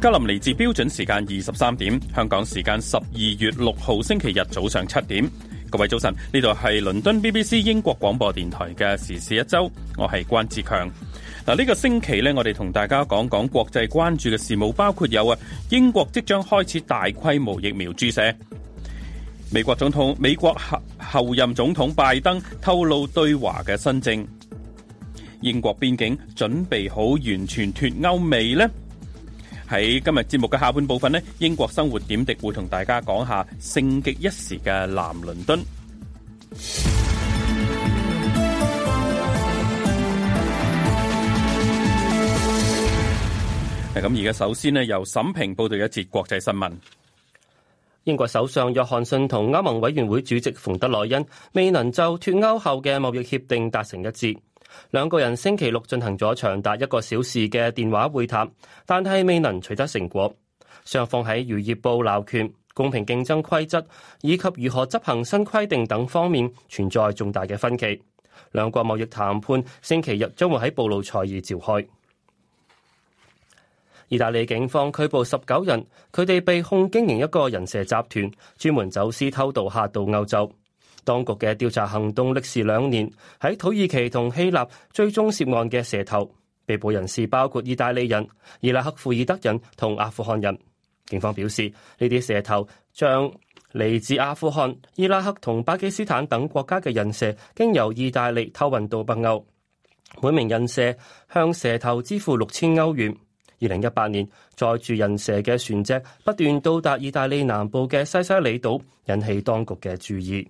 格林尼治標準時間二十三點，香港時間十二月六號星期日早上七點。各位早晨，呢度係倫敦 BBC 英國廣播電台嘅時事一周，我係關志強。嗱、啊，呢、這個星期咧，我哋同大家講講國際關注嘅事務，包括有啊，英國即將開始大規模疫苗注射，美國總統，美國後後任總統拜登透露對華嘅新政，英國邊境準備好完全脫歐未呢？喺今日節目嘅下半部分呢，英國生活點滴會同大家講下盛極一時嘅南倫敦。誒，咁而家首先呢，由沈平報道一節國際新聞。英國首相約翰遜同歐盟委員會主席馮德萊恩未能就脫歐後嘅貿易協定達成一致。兩個人星期六進行咗長達一個小時嘅電話會談，但係未能取得成果。雙方喺漁業捕撈權、公平競爭規則以及如何執行新規定等方面存在重大嘅分歧。兩國貿易談判星期日將會喺布魯塞爾召開。意大利警方拘捕十九人，佢哋被控經營一個人蛇集團，專門走私偷渡客到歐洲。當局嘅調查行動歷時兩年，喺土耳其同希臘追蹤涉案嘅蛇頭，被捕人士包括意大利人、伊拉克庫爾德人同阿富汗人。警方表示，呢啲蛇頭將嚟自阿富汗、伊拉克同巴基斯坦等國家嘅人蛇經由意大利偷運到北歐。每名人蛇向蛇頭支付六千歐元。二零一八年，載住人蛇嘅船隻不斷到達意大利南部嘅西西里島，引起當局嘅注意。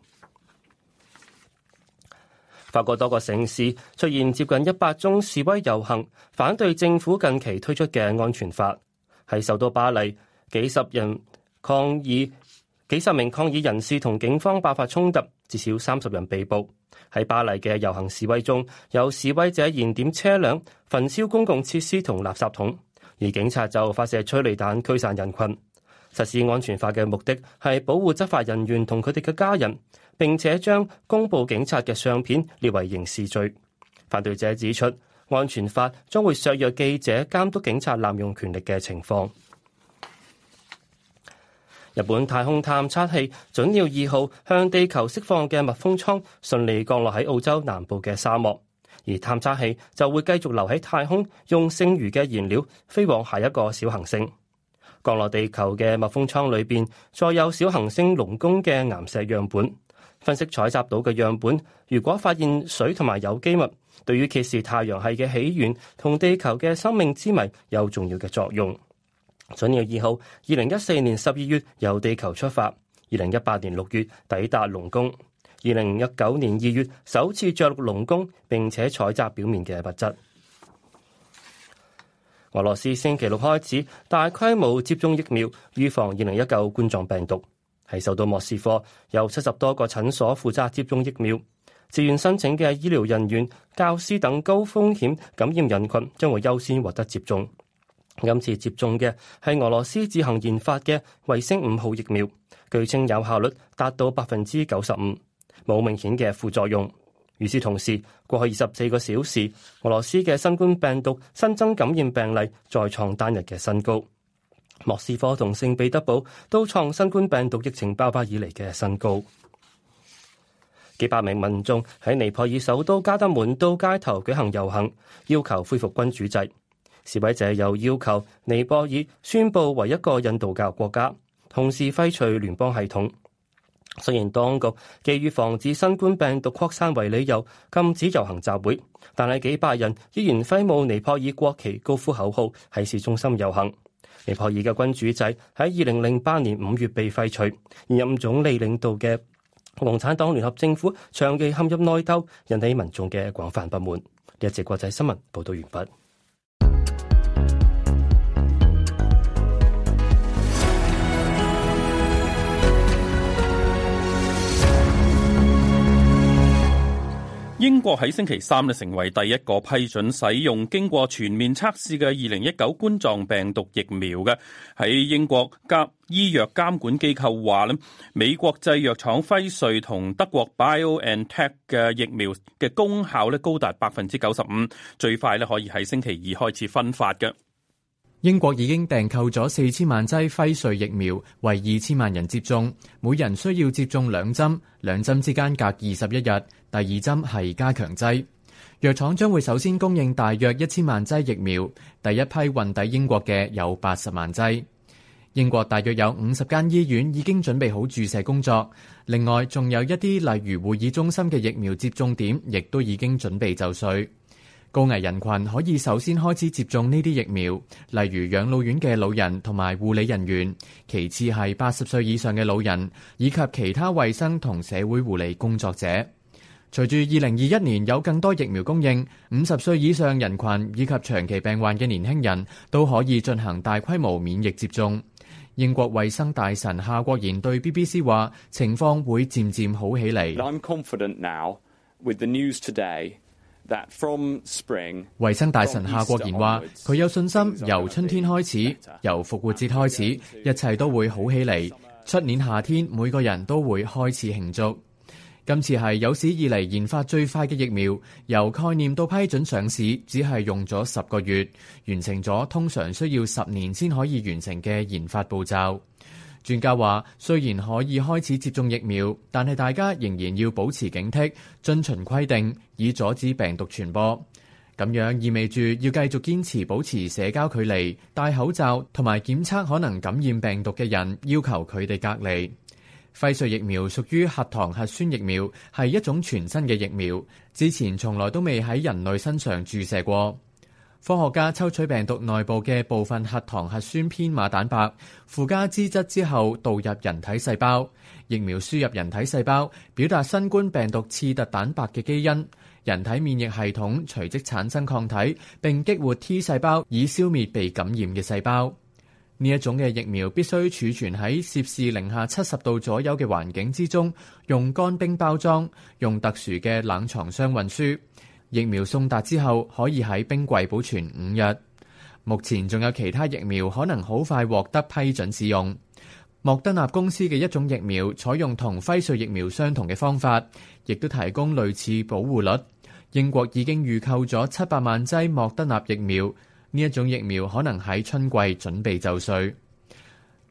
法國多個城市出現接近一百宗示威遊行，反對政府近期推出嘅安全法。喺首都巴黎，幾十人抗議，幾十名抗議人士同警方爆發衝突，至少三十人被捕。喺巴黎嘅遊行示威中，有示威者燃點車輛、焚燒公共設施同垃圾桶，而警察就發射催淚彈驅散人群。實施安全法嘅目的係保護執法人員同佢哋嘅家人。並且將公布警察嘅相片列為刑事罪。反對者指出，安全法將會削弱記者監督警察濫用權力嘅情況。日本太空探測器准要二號向地球釋放嘅密封艙順利降落喺澳洲南部嘅沙漠，而探測器就會繼續留喺太空，用剩餘嘅燃料飛往下一個小行星。降落地球嘅密封艙裏邊載有小行星龍宮嘅岩石樣本。分析採集到嘅樣本，如果發現水同埋有機物，對於揭示太陽系嘅起源同地球嘅生命之謎有重要嘅作用。隼鳥二號，二零一四年十二月由地球出發，二零一八年六月抵達龍宮，二零一九年二月首次着陸龍宮並且採集表面嘅物質。俄羅斯星期六開始大規模接種疫苗，預防二零一九冠狀病毒。係受到莫斯科有七十多個診所負責接種疫苗，自願申請嘅醫療人員、教師等高風險感染人群將會優先獲得接種。今次接種嘅係俄羅斯自行研發嘅衛星五號疫苗，據稱有效率達到百分之九十五，冇明顯嘅副作用。與此同時，過去二十四個小時，俄羅斯嘅新冠病毒新增感染病例再創單日嘅新高。莫斯科同聖彼得堡都創新冠病毒疫情爆發以嚟嘅新高。幾百名民眾喺尼泊爾首都加德滿都街頭舉行遊行，要求恢復君主制。示威者又要求尼泊爾宣布為一個印度教國家，同時廢除聯邦系統。雖然當局基於防止新冠病毒擴散為理由禁止遊行集會，但係幾百人依然揮舞尼泊爾國旗，高呼口號喺市中心遊行。尼泊爾嘅君主制喺二零零八年五月被廢除，現任總理領導嘅共產黨聯合政府長期陷入內鬥，引起民眾嘅廣泛不滿。一節國際新聞報道完畢。英國喺星期三咧，成為第一個批准使用經過全面測試嘅二零一九冠狀病毒疫苗嘅。喺英國甲醫藥監管機構話咧，美國製藥廠輝瑞同德國 BioNTech 嘅疫苗嘅功效咧，高達百分之九十五，最快咧，可以喺星期二開始分發嘅。英國已經訂購咗四千萬劑輝瑞疫苗，為二千萬人接種，每人需要接種兩針，兩針之間隔二十一日，第二針係加強劑。藥廠將會首先供應大約一千萬劑疫苗，第一批運抵英國嘅有八十萬劑。英國大約有五十間醫院已經準備好注射工作，另外仲有一啲例如會議中心嘅疫苗接種點，亦都已經準備就緒。高危人群可以首先開始接種呢啲疫苗，例如養老院嘅老人同埋護理人員。其次係八十歲以上嘅老人以及其他衛生同社會護理工作者。隨住二零二一年有更多疫苗供應，五十歲以上人群以及長期病患嘅年輕人都可以進行大規模免疫接種。英國衛生大臣夏國賢對 BBC 話：情況會漸漸好起嚟。衛生大臣夏國賢話：佢有信心，由春天開始，由復活節開始，一切都會好起嚟。出年夏天，每個人都會開始慶祝。今次係有史以來研發最快嘅疫苗，由概念到批准上市，只係用咗十個月，完成咗通常需要十年先可以完成嘅研發步驟。專家話：雖然可以開始接種疫苗，但係大家仍然要保持警惕，遵循規定，以阻止病毒傳播。咁樣意味住要繼續堅持保持社交距離、戴口罩同埋檢測可能感染病毒嘅人，要求佢哋隔離。輝瑞疫苗屬於核糖核酸疫苗，係一種全新嘅疫苗，之前從來都未喺人類身上注射過。科學家抽取病毒內部嘅部分核糖核酸編碼蛋白，附加脂質之後導入人體細胞，疫苗輸入人體細胞，表達新冠病毒刺突蛋白嘅基因，人體免疫系統隨即產生抗體，並激活 T 細胞以消滅被感染嘅細胞。呢一種嘅疫苗必須儲存喺攝氏零下七十度左右嘅環境之中，用乾冰包裝，用特殊嘅冷藏箱運輸。疫苗送達之後，可以喺冰櫃保存五日。目前仲有其他疫苗可能好快獲得批准使用。莫德納公司嘅一種疫苗採用同輝瑞疫苗相同嘅方法，亦都提供類似保護率。英國已經預購咗七百萬劑莫德納疫苗，呢一種疫苗可能喺春季準備就緒。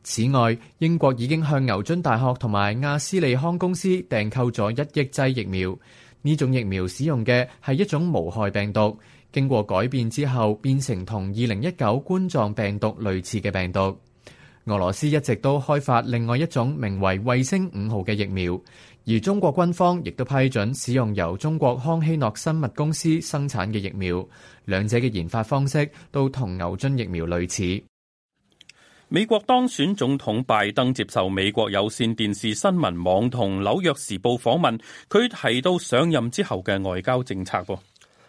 此外，英國已經向牛津大學同埋亞斯利康公司訂購咗一億劑疫苗。呢種疫苗使用嘅係一種無害病毒，經過改變之後變成同二零一九冠狀病毒類似嘅病毒。俄羅斯一直都開發另外一種名為衛星五號嘅疫苗，而中國軍方亦都批准使用由中國康希諾生物公司生產嘅疫苗。兩者嘅研發方式都同牛津疫苗類似。美國當選總統拜登接受美國有線電視新聞網同紐約時報訪問，佢提到上任之後嘅外交政策。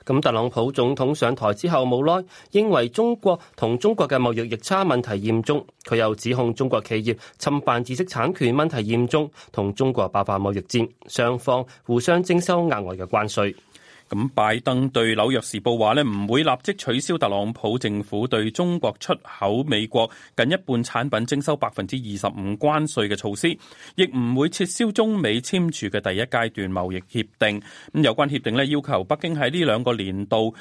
咁特朗普總統上台之後冇耐，認為中國同中國嘅貿易逆差問題嚴重，佢又指控中國企業侵犯知識產權問題嚴重，同中國爆發貿易戰，雙方互相徵收額外嘅關稅。咁拜登對《紐約時報》話咧，唔會立即取消特朗普政府對中國出口美國近一半產品徵收百分之二十五關稅嘅措施，亦唔會撤銷中美簽署嘅第一階段貿易協定。咁有關協定咧，要求北京喺呢兩個年度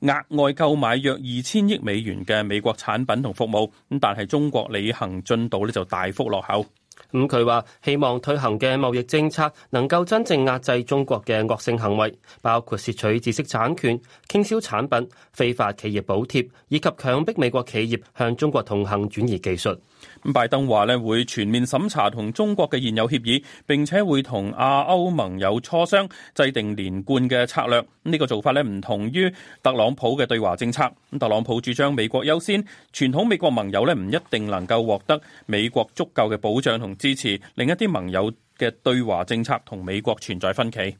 額外購買約二千億美元嘅美國產品同服務。咁但係中國履行進度咧就大幅落後。咁佢話希望推行嘅貿易政策能夠真正壓制中國嘅惡性行為，包括竊取知識產權、傾銷產品、非法企業補貼，以及強迫美國企業向中國同行轉移技術。咁拜登話咧會全面審查同中國嘅現有協議，並且會同亞歐盟友磋商，制定連貫嘅策略。呢個做法咧唔同於特朗普嘅對華政策。咁特朗普主張美國優先，傳統美國盟友咧唔一定能夠獲得美國足夠嘅保障同支持，另一啲盟友嘅對華政策同美國存在分歧。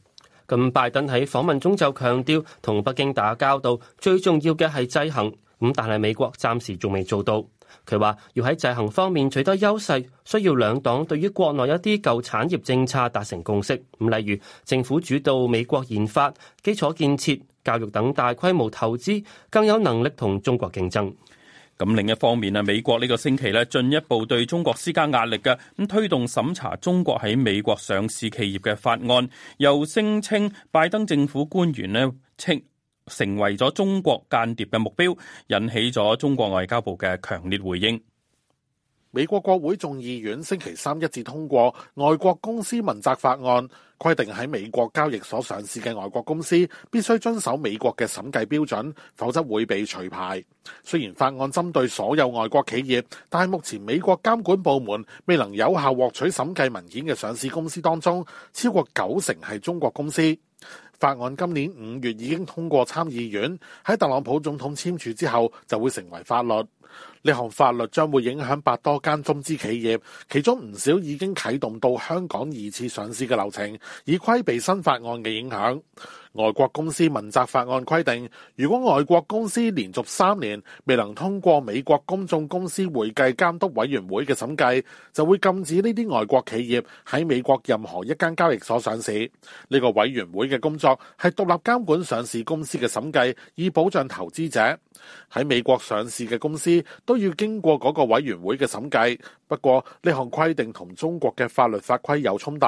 咁拜登喺訪問中就強調，同北京打交道最重要嘅係制衡。咁但係美國暫時仲未做到。佢話要喺制衡方面取得優勢，需要兩黨對於國內一啲舊產業政策達成共識。咁例如政府主導美國研發、基礎建設、教育等大規模投資，更有能力同中國競爭。咁另一方面啊，美國呢個星期呢進一步對中國施加壓力嘅，咁推動審查中國喺美國上市企業嘅法案，又聲稱拜登政府官員呢稱。成為咗中國間諜嘅目標，引起咗中國外交部嘅強烈回應。美國國會眾議院星期三一致通過外國公司問責法案，規定喺美國交易所上市嘅外國公司必須遵守美國嘅審計標準，否則會被除牌。雖然法案針對所有外國企業，但係目前美國監管部門未能有效獲取審計文件嘅上市公司當中，超過九成係中國公司。法案今年五月已經通過參議院，喺特朗普總統簽署之後就會成為法律。呢項法律將會影響百多間中資企業，其中唔少已經啟動到香港二次上市嘅流程，以規避新法案嘅影響。外國公司問責法案規定，如果外國公司連續三年未能通過美國公眾公司會計監督委員會嘅審計，就會禁止呢啲外國企業喺美國任何一間交易所上市。呢個委員會嘅工作係獨立監管上市公司嘅審計，以保障投資者。喺美國上市嘅公司都要經過嗰個委員會嘅審計。不過，呢項規定同中國嘅法律法規有衝突。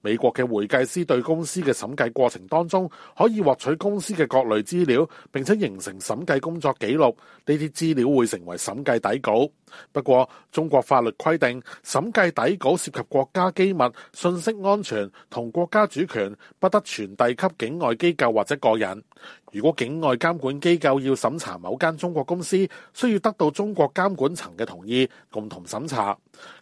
美國嘅會計師對公司嘅審計過程當中，可以獲取公司嘅各類資料，並且形成審計工作記錄。呢啲資料會成為審計底稿。不過，中國法律規定，審計底稿涉及國家機密、信息安全同國家主權，不得傳遞給境外機構或者個人。如果境外監管機構要審查某間中國公司，需要得到中國監管層嘅同意，共同審查。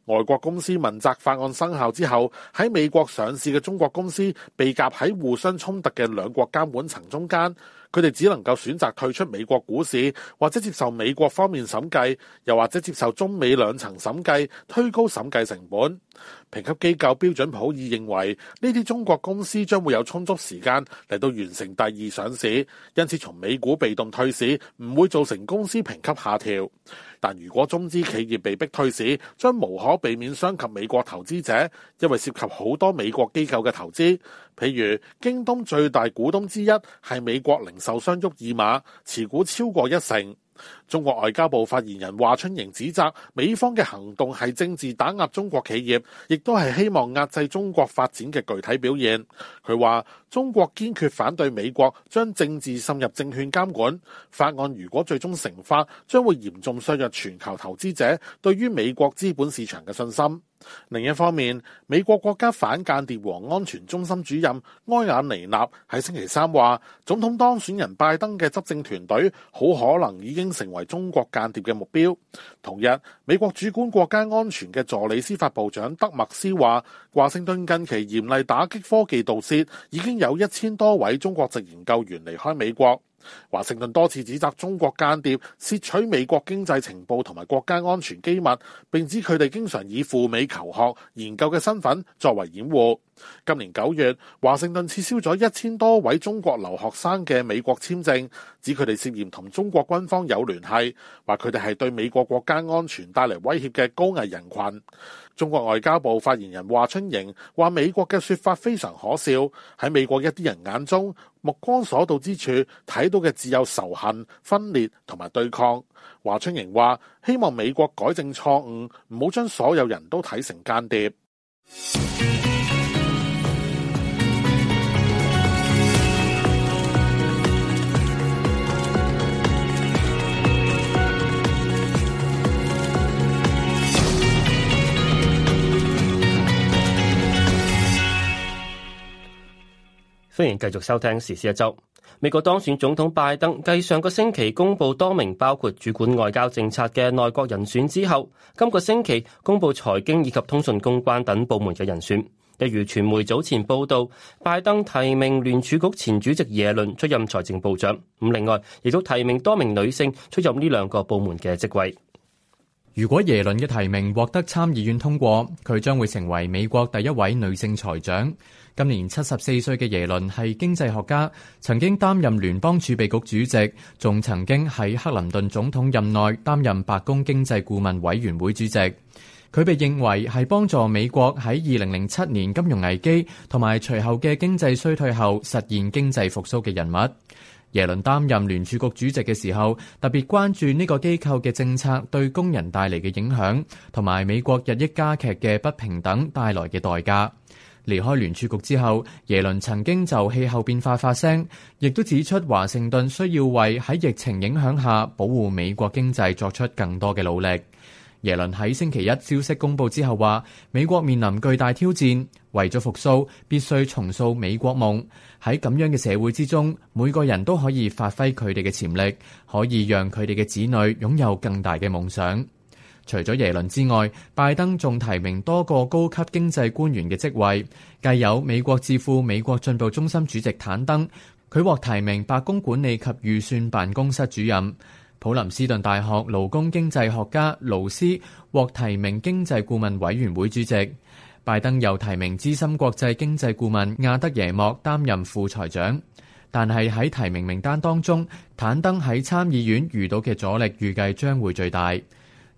外國公司問責法案生效之後，喺美國上市嘅中國公司被夾喺互相衝突嘅兩國監管層中間。佢哋只能夠選擇退出美國股市，或者接受美國方面審計，又或者接受中美兩層審計，推高審計成本。評級機構標準普爾認為，呢啲中國公司將會有充足時間嚟到完成第二上市，因此從美股被動退市，唔會造成公司評級下調。但如果中資企業被逼退市，將無可避免傷及美國投資者，因為涉及好多美國機構嘅投資。譬如，京東最大股東之一係美國零售商沃爾瑪，持股超過一成。中國外交部發言人華春瑩指責美方嘅行動係政治打壓中國企業，亦都係希望壓制中國發展嘅具體表現。佢話中國堅決反對美國將政治滲入證券監管，法案如果最終成法，將會嚴重削弱全球投資者對於美國資本市場嘅信心。另一方面，美國國家反間諜和安全中心主任埃雅尼納喺星期三話，總統當選人拜登嘅執政團隊好可能已經成為。為中國間諜嘅目標。同日，美國主管國家安全嘅助理司法部長德默斯話，華盛頓近期嚴厲打擊科技盜竊，已經有一千多位中國籍研究員離開美國。華盛頓多次指責中國間諜竊取美國經濟情報同埋國家安全機密，並指佢哋經常以赴美求學研究嘅身份作為掩護。今年九月，華盛頓撤銷咗一千多位中國留學生嘅美國簽證，指佢哋涉嫌同中國軍方有聯繫，話佢哋係對美國國家安全帶嚟威脅嘅高危人群。中國外交部發言人華春瑩話，美國嘅說法非常可笑。喺美國一啲人眼中，目光所到之處，睇到嘅只有仇恨、分裂同埋對抗。華春瑩話，希望美國改正錯誤，唔好將所有人都睇成間諜。歡迎繼續收聽時事一周。美國當選總統拜登繼上個星期公佈多名包括主管外交政策嘅內閣人選之後，今個星期公佈財經以及通訊公關等部門嘅人選。例如，傳媒早前報道，拜登提名聯儲局前主席耶倫出任財政部長。咁另外，亦都提名多名女性出任呢兩個部門嘅職位。如果耶倫嘅提名獲得參議院通過，佢將會成為美國第一位女性財長。今年七十四歲嘅耶倫係經濟學家，曾經擔任聯邦儲備局主席，仲曾經喺克林頓總統任內擔任白宮經濟顧問委員會主席。佢被認為係幫助美國喺二零零七年金融危機同埋隨後嘅經濟衰退後實現經濟復蘇嘅人物。耶倫擔任聯儲局主席嘅時候，特別關注呢個機構嘅政策對工人帶嚟嘅影響，同埋美國日益加劇嘅不平等帶來嘅代價。離開聯儲局之後，耶倫曾經就氣候變化發聲，亦都指出華盛頓需要為喺疫情影響下保護美國經濟作出更多嘅努力。耶倫喺星期一消息公布之後話，美國面臨巨大挑戰，為咗復甦，必須重塑美國夢。喺咁樣嘅社會之中，每個人都可以發揮佢哋嘅潛力，可以讓佢哋嘅子女擁有更大嘅夢想。除咗耶倫之外，拜登仲提名多個高級經濟官員嘅職位，計有美國智庫美國進步中心主席坦登，佢獲提名白宮管理及預算辦公室主任；普林斯頓大學勞工經濟學家勞斯獲提名經濟顧問委員會主席。拜登又提名資深國際經濟顧問亞德耶莫擔任副財長。但係喺提名名單當中，坦登喺參議院遇到嘅阻力預計將會最大。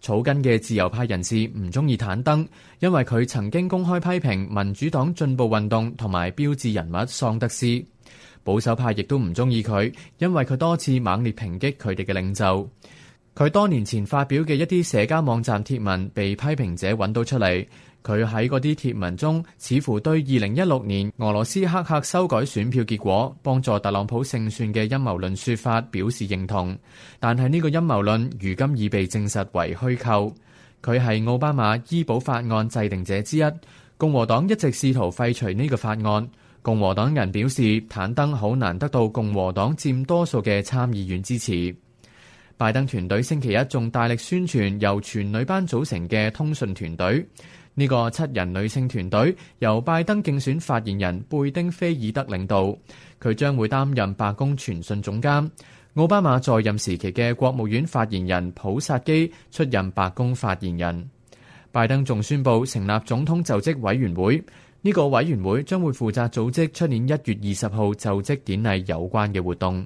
草根嘅自由派人士唔中意坦登，因為佢曾經公開批評民主黨進步運動同埋標誌人物桑德斯。保守派亦都唔中意佢，因為佢多次猛烈抨擊佢哋嘅領袖。佢多年前發表嘅一啲社交網站貼文被批評者揾到出嚟。佢喺嗰啲貼文中，似乎對二零一六年俄羅斯黑客修改選票結果，幫助特朗普勝算嘅陰謀論說法表示認同。但係呢個陰謀論如今已被證實為虛構。佢係奧巴馬醫保法案制定者之一，共和黨一直試圖廢除呢個法案。共和黨人表示，坦登好難得到共和黨佔多數嘅參議院支持。拜登團隊星期一仲大力宣傳由全女班組成嘅通訊團隊。呢個七人女性團隊由拜登競選發言人貝丁菲爾德領導，佢將會擔任白宮傳訊總監。奧巴馬在任時期嘅國務院發言人普薩基出任白宮發言人。拜登仲宣佈成立總統就職委員會，呢個委員會將會負責組織出年一月二十號就職典禮有關嘅活動。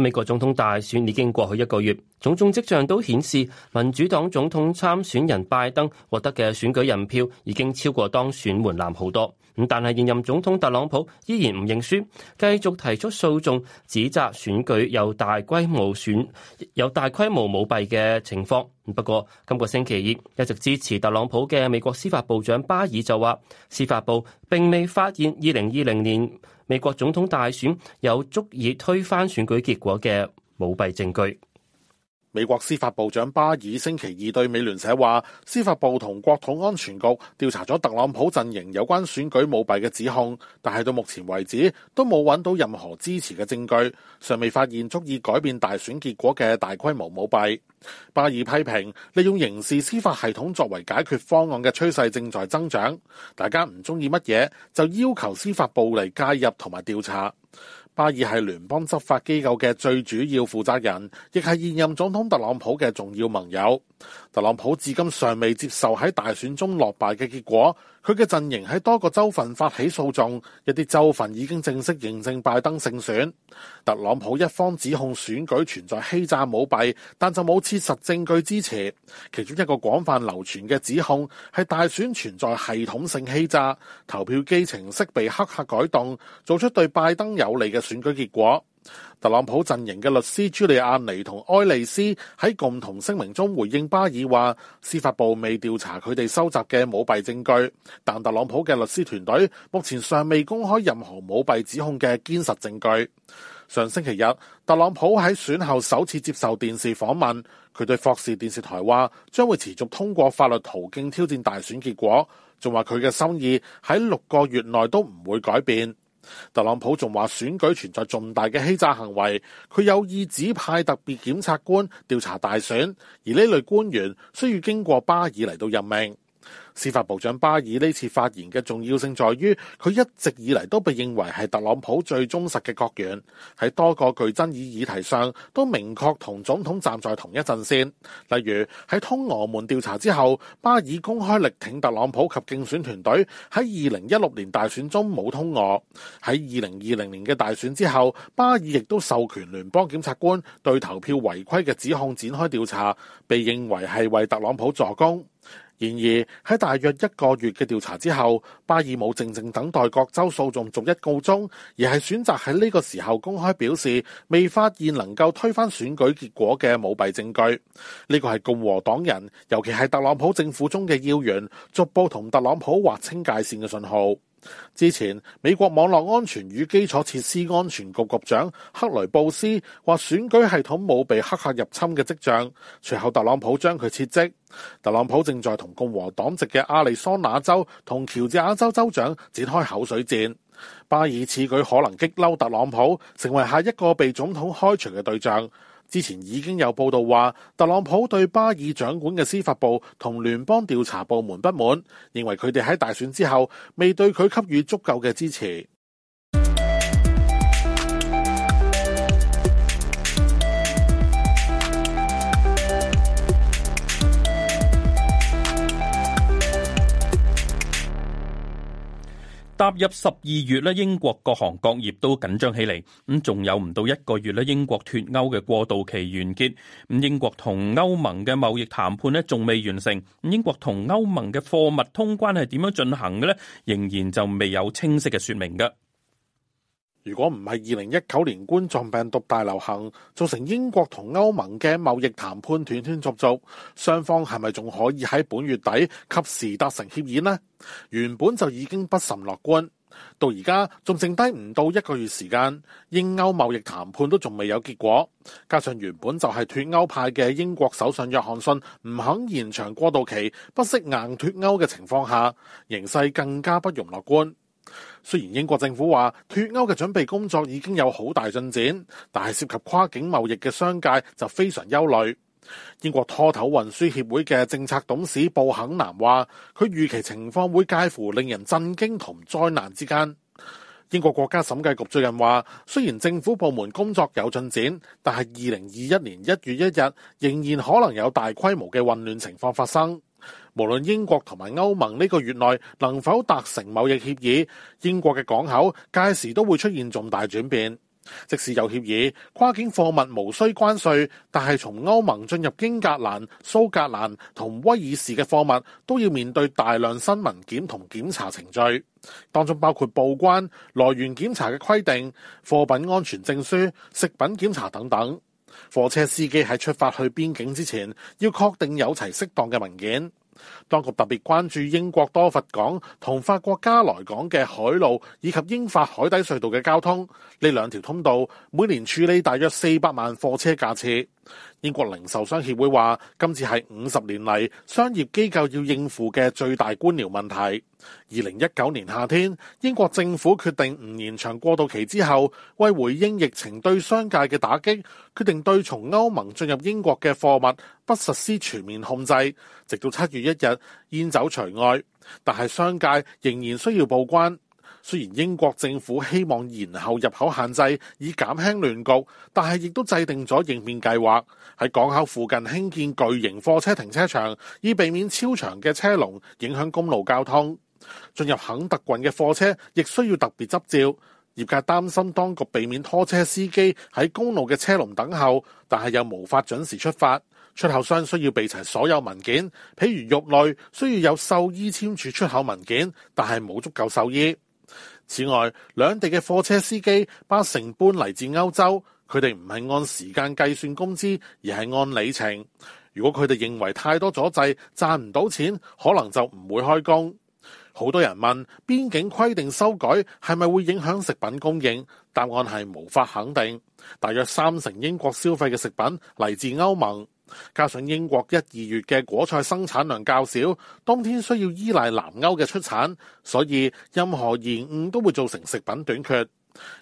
美國總統大選已經過去一個月，種種跡象都顯示民主黨總統參選人拜登獲得嘅選舉人票已經超過當選門檻好多。咁但係現任總統特朗普依然唔認輸，繼續提出訴訟，指責選舉有大規模選有大規模舞弊嘅情況。不過今個星期二，一直支持特朗普嘅美國司法部長巴爾就話，司法部並未發現二零二零年。美國總統大選有足以推翻選舉結果嘅舞弊證據。美國司法部長巴爾星期二對美聯社話：司法部同國土安全局調查咗特朗普陣營有關選舉舞弊嘅指控，但係到目前為止都冇揾到任何支持嘅證據，尚未發現足以改變大選結果嘅大規模舞弊。巴爾批評，利用刑事司法系統作為解決方案嘅趨勢正在增長，大家唔中意乜嘢就要求司法部嚟介入同埋調查。巴爾係聯邦執法機構嘅最主要負責人，亦係現任總統特朗普嘅重要盟友。特朗普至今尚未接受喺大選中落敗嘅結果，佢嘅陣營喺多個州份發起訴訟，一啲州份已經正式認證拜登勝選。特朗普一方指控選舉存在欺詐舞弊，但就冇切實證據支持。其中一個廣泛流傳嘅指控係大選存在系統性欺詐，投票機程式被黑客改動，做出對拜登有利嘅選舉結果。特朗普陣營嘅律師朱利亞尼同埃利斯喺共同聲明中回應巴爾話，司法部未調查佢哋收集嘅舞弊證據，但特朗普嘅律師團隊目前尚未公開任何舞弊指控嘅堅實證據。上星期日，特朗普喺選後首次接受電視訪問，佢對霍士電視台話，將會持續通過法律途徑挑戰大選結果，仲話佢嘅心意喺六個月內都唔會改變。特朗普仲話選舉存在重大嘅欺詐行為，佢有意指派特別檢察官調查大選，而呢類官員需要經過巴爾嚟到任命。司法部長巴爾呢次發言嘅重要性在於，佢一直以嚟都被認為係特朗普最忠實嘅閣員，喺多個具爭議議題上都明確同總統站在同一陣線。例如喺通俄門調查之後，巴爾公開力挺特朗普及競選團隊喺二零一六年大選中冇通俄；喺二零二零年嘅大選之後，巴爾亦都授權聯邦檢察官對投票違規嘅指控展開調查，被認為係為特朗普助攻。然而喺大約一個月嘅調查之後，巴爾冇靜靜等待各州訴訟逐一告終，而係選擇喺呢個時候公開表示未發現能夠推翻選舉結果嘅舞弊證據。呢個係共和黨人，尤其係特朗普政府中嘅要員，逐步同特朗普劃清界線嘅信號。之前，美國網絡安全與基礎設施安全局局長克雷布斯話選舉系統冇被黑客入侵嘅跡象。隨後特朗普將佢撤職。特朗普正在同共和黨籍嘅亞利桑那州同喬治亞州州長展開口水戰。巴爾此舉可能激嬲特朗普，成為下一個被總統開除嘅對象。之前已經有報導話，特朗普對巴爾掌管嘅司法部同聯邦調查部門不滿，認為佢哋喺大選之後未對佢給予足夠嘅支持。踏入十二月咧，英國各行各業都緊張起嚟。咁仲有唔到一個月咧，英國脫歐嘅過渡期完結。咁英國同歐盟嘅貿易談判咧，仲未完成。咁英國同歐盟嘅貨物通關係點樣進行嘅咧？仍然就未有清晰嘅說明噶。如果唔係二零一九年冠狀病毒大流行，造成英國同歐盟嘅貿易談判斷斷續續，雙方係咪仲可以喺本月底及時達成協議呢？原本就已經不甚樂觀，到而家仲剩低唔到一個月時間，英歐貿易談判都仲未有結果，加上原本就係脫歐派嘅英國首相約翰遜唔肯延長過渡期，不惜硬脫歐嘅情況下，形勢更加不容樂觀。雖然英國政府話脫歐嘅準備工作已經有好大進展，但係涉及跨境貿易嘅商界就非常憂慮。英國拖頭運輸協會嘅政策董事布肯南話，佢預期情況會介乎令人震驚同災難之間。英國國家審計局最近話，雖然政府部門工作有進展，但係二零二一年一月一日仍然可能有大規模嘅混亂情況發生。無論英國同埋歐盟呢個月內能否達成貿易協議，英國嘅港口屆時都會出現重大轉變。即使有協議，跨境貨物無需關稅，但係從歐盟進入英格蘭、蘇格蘭同威爾士嘅貨物都要面對大量新文件同檢查程序，當中包括報關、來源檢查嘅規定、貨品安全證書、食品檢查等等。貨車司機喺出發去邊境之前，要確定有齊適當嘅文件。當局特別關注英國多佛港同法國加萊港嘅海路，以及英法海底隧道嘅交通。呢兩條通道每年處理大約四百萬貨車架次。英國零售商協會話，今次係五十年嚟商業機構要應付嘅最大官僚問題。二零一九年夏天，英國政府決定唔延長過渡期之後，為回應疫情對商界嘅打擊，決定對從歐盟進入英國嘅貨物不實施全面控制，直到七月一日，煙酒除外。但係商界仍然需要報關。雖然英國政府希望延後入口限制，以減輕亂局，但係亦都制定咗應變計劃，喺港口附近興建巨型貨車停車場，以避免超長嘅車龍影響公路交通。進入肯特郡嘅貨車亦需要特別執照。業界擔心當局避免拖車司機喺公路嘅車龍等候，但係又無法準時出發。出口商需要備齊所有文件，譬如肉類，需要有獸醫簽署出口文件，但係冇足夠獸醫。此外，兩地嘅貨車司機八成半嚟自歐洲，佢哋唔係按時間計算工資，而係按里程。如果佢哋認為太多阻滯，賺唔到錢，可能就唔會開工。好多人問邊境規定修改係咪會影響食品供應？答案係無法肯定。大約三成英國消費嘅食品嚟自歐盟。加上英國一二月嘅果菜生產量較少，冬天需要依賴南歐嘅出產，所以任何延誤都會造成食品短缺。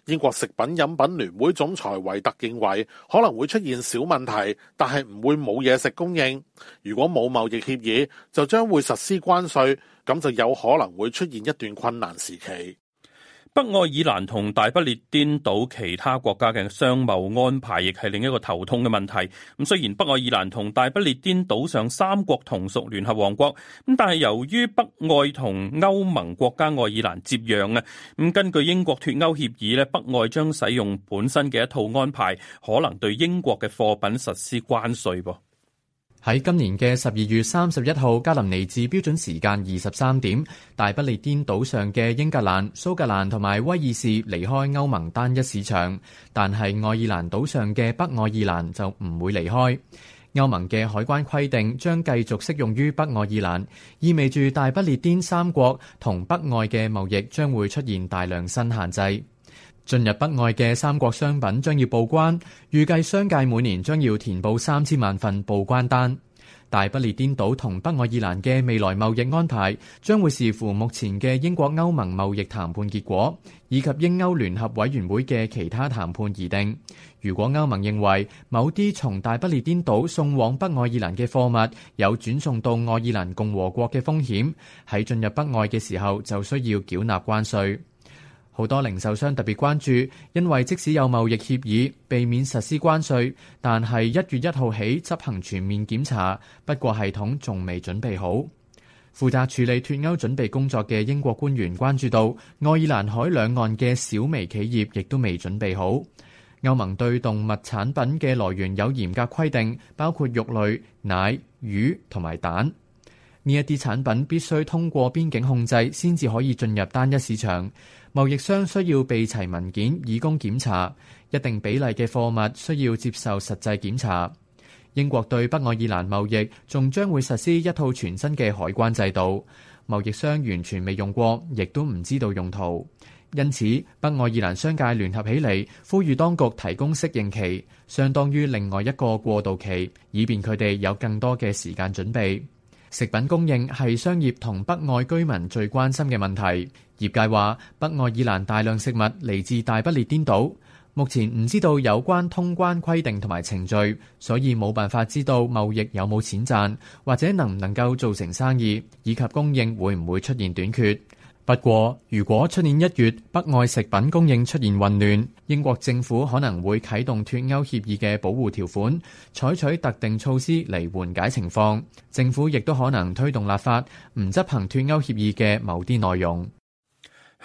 英國食品飲品聯會總裁維特認為可能會出現小問題，但係唔會冇嘢食供應。如果冇貿易協議，就將會實施關稅，咁就有可能會出現一段困難時期。北愛爾蘭同大不列顛島其他國家嘅商貿安排，亦係另一個頭痛嘅問題。咁雖然北愛爾蘭同大不列顛島上三國同屬聯合王國，咁但係由於北愛同歐盟國家愛爾蘭接壤啊，咁根據英國脫歐協議咧，北愛將使用本身嘅一套安排，可能對英國嘅貨品實施關稅噃。喺今年嘅十二月三十一號，加林尼治標準時間二十三點，大不列顛島上嘅英格蘭、蘇格蘭同埋威爾士離開歐盟單一市場，但係愛爾蘭島上嘅北愛爾蘭就唔會離開。歐盟嘅海關規定將繼續適用於北愛爾蘭，意味住大不列顛三國同北愛嘅貿易將會出現大量新限制。進入北愛嘅三國商品將要報關，預計商界每年將要填報三千萬份報關單。大不列顛島同北愛爾蘭嘅未來貿易安排將會視乎目前嘅英國歐盟貿易談判結果，以及英歐聯合委員會嘅其他談判而定。如果歐盟認為某啲從大不列顛島送往北愛爾蘭嘅貨物有轉送到愛爾蘭共和國嘅風險，喺進入北愛嘅時候就需要繳納關稅。好多零售商特別關注，因為即使有貿易協議，避免實施關稅，但係一月一號起執行全面檢查。不過系統仲未準備好。負責處理脫歐準備工作嘅英國官員關注到，愛爾蘭海兩岸嘅小微企業亦都未準備好。歐盟對動物產品嘅來源有嚴格規定，包括肉類、奶、魚同埋蛋。呢一啲產品必須通過邊境控制，先至可以進入單一市場。貿易商需要備齊文件以供檢查，一定比例嘅貨物需要接受實際檢查。英國對北愛爾蘭貿易仲將會實施一套全新嘅海關制度。貿易商完全未用過，亦都唔知道用途，因此北愛爾蘭商界聯合起嚟，呼籲當局提供適應期，相當於另外一個過渡期，以便佢哋有更多嘅時間準備。食品供應係商業同北愛居民最關心嘅問題。業界話北愛爾蘭大量食物嚟自大不列顛島，目前唔知道有關通關規定同埋程序，所以冇辦法知道貿易有冇錢賺，或者能唔能夠做成生意，以及供應會唔會出現短缺。不過，如果出年一月北愛食品供應出現混亂，英國政府可能會啟動脫歐協議嘅保護條款，採取特定措施嚟緩解情況。政府亦都可能推動立法，唔執行脫歐協議嘅某啲內容。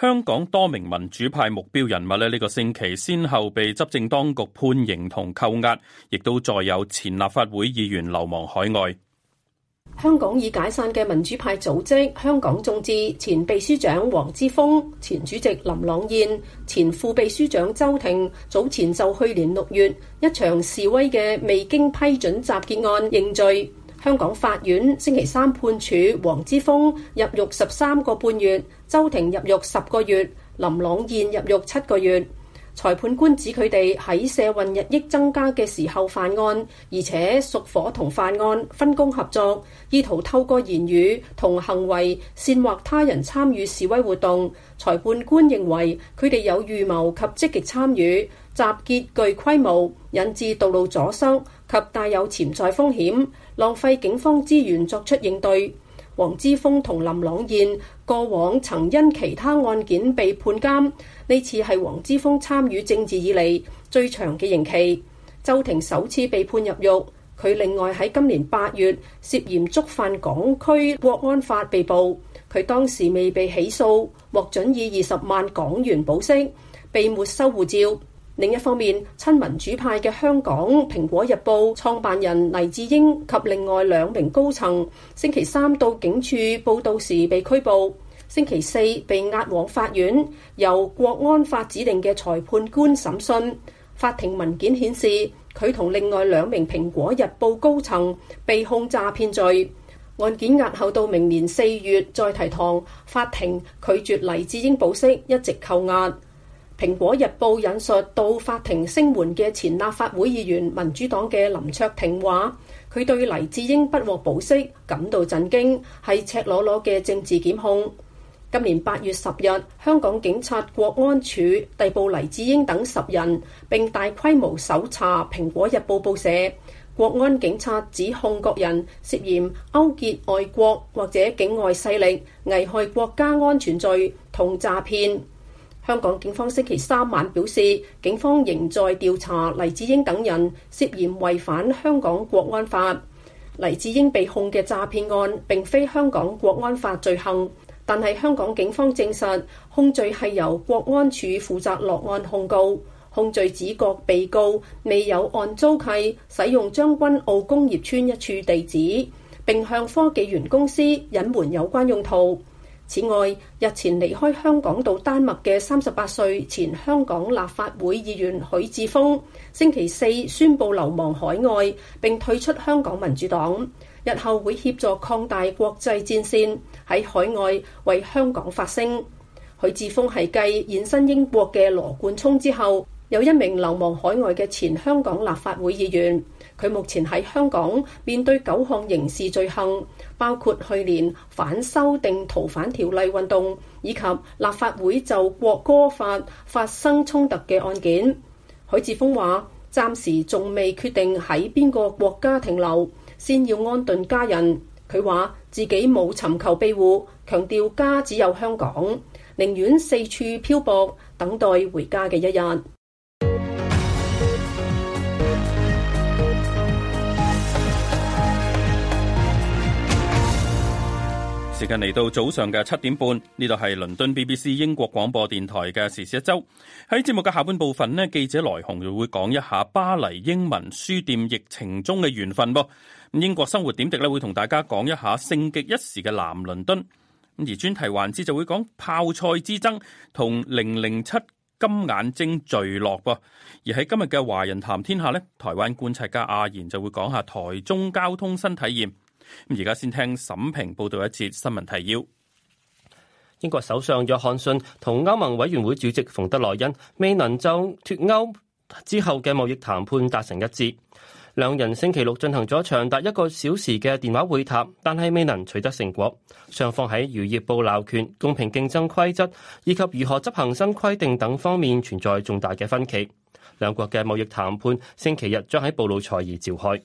香港多名民主派目標人物喺呢個星期先後被執政當局判刑同扣押，亦都再有前立法會議員流亡海外。香港已解散嘅民主派組織香港眾志前秘書長黃之鋒、前主席林朗彥、前副秘書長周庭，早前就去年六月一場示威嘅未經批准集結案認罪。香港法院星期三判處黃之鋒入獄十三個半月，周庭入獄十個月，林朗彥入獄七個月。裁判官指佢哋喺社運日益增加嘅時候犯案，而且屬夥同犯案，分工合作，意圖透過言語同行為煽惑他人參與示威活動。裁判官認為佢哋有預謀及積極參與，集結具規模，引致道路阻塞及帶有潛在風險，浪費警方資源作出應對。黃之鋒同林朗彥過往曾因其他案件被判監，呢次係黃之鋒參與政治以嚟最長嘅刑期。周庭首次被判入獄，佢另外喺今年八月涉嫌觸犯港區國安法被捕，佢當時未被起訴，獲准以二十萬港元保釋，被沒收護照。另一方面，親民主派嘅香港《蘋果日報》創辦人黎智英及另外兩名高層，星期三到警署報到時被拘捕，星期四被押往法院由，由國安法指定嘅裁判官審訊。法庭文件顯示，佢同另外兩名《蘋果日報》高層被控詐騙罪，案件押後到明年四月再提堂。法庭拒絕黎智英保釋，一直扣押。《蘋果日報》引述到法庭聲援嘅前立法會議員民主黨嘅林卓廷話，佢對黎智英不獲保釋感到震驚，係赤裸裸嘅政治檢控。今年八月十日，香港警察國安處逮捕黎智英等十人，並大規模搜查《蘋果日報》報社。國安警察指控各人涉嫌勾結外國或者境外勢力，危害國家安全罪同詐騙。香港警方星期三晚表示，警方仍在調查黎智英等人涉嫌違反香港國安法。黎智英被控嘅詐騙案並非香港國安法罪行，但係香港警方證實，控罪係由國安處負責落案控告。控罪指各被告未有按租契使用將軍澳工業村一處地址，並向科技園公司隱瞞有關用途。此外，日前離開香港到丹麥嘅三十八歲前香港立法會議員許智峰，星期四宣布流亡海外並退出香港民主黨，日後會協助擴大國際戰線喺海外為香港發聲。許智峰係繼現身英國嘅羅冠聰之後，有一名流亡海外嘅前香港立法會議員。佢目前喺香港面對九項刑事罪行。包括去年反修訂逃犯條例運動，以及立法會就國歌法發生衝突嘅案件。許智峰話：暫時仲未決定喺邊個國家停留，先要安頓家人。佢話自己冇尋求庇護，強調家只有香港，寧願四處漂泊，等待回家嘅一日。時間嚟到早上嘅七點半，呢度係倫敦 BBC 英國廣播電台嘅時事一周。喺節目嘅下半部分咧，記者來鴻會講一下巴黎英文書店疫情中嘅緣分。噃，英國生活點滴咧會同大家講一下盛極一時嘅南倫敦。而專題環節就會講泡菜之爭同零零七金眼睛墜落。噃，而喺今日嘅華人談天下呢，台灣觀察家阿賢就會講下台中交通新體驗。咁而家先聽沈平報道一節新聞提要。英國首相約翰遜同歐盟委員會主席馮德萊恩未能就脫歐之後嘅貿易談判達成一致。兩人星期六進行咗長達一個小時嘅電話會談，但係未能取得成果。雙方喺漁業捕撈權、公平競爭規則以及如何執行新規定等方面存在重大嘅分歧。兩國嘅貿易談判星期日將喺布魯塞爾召開。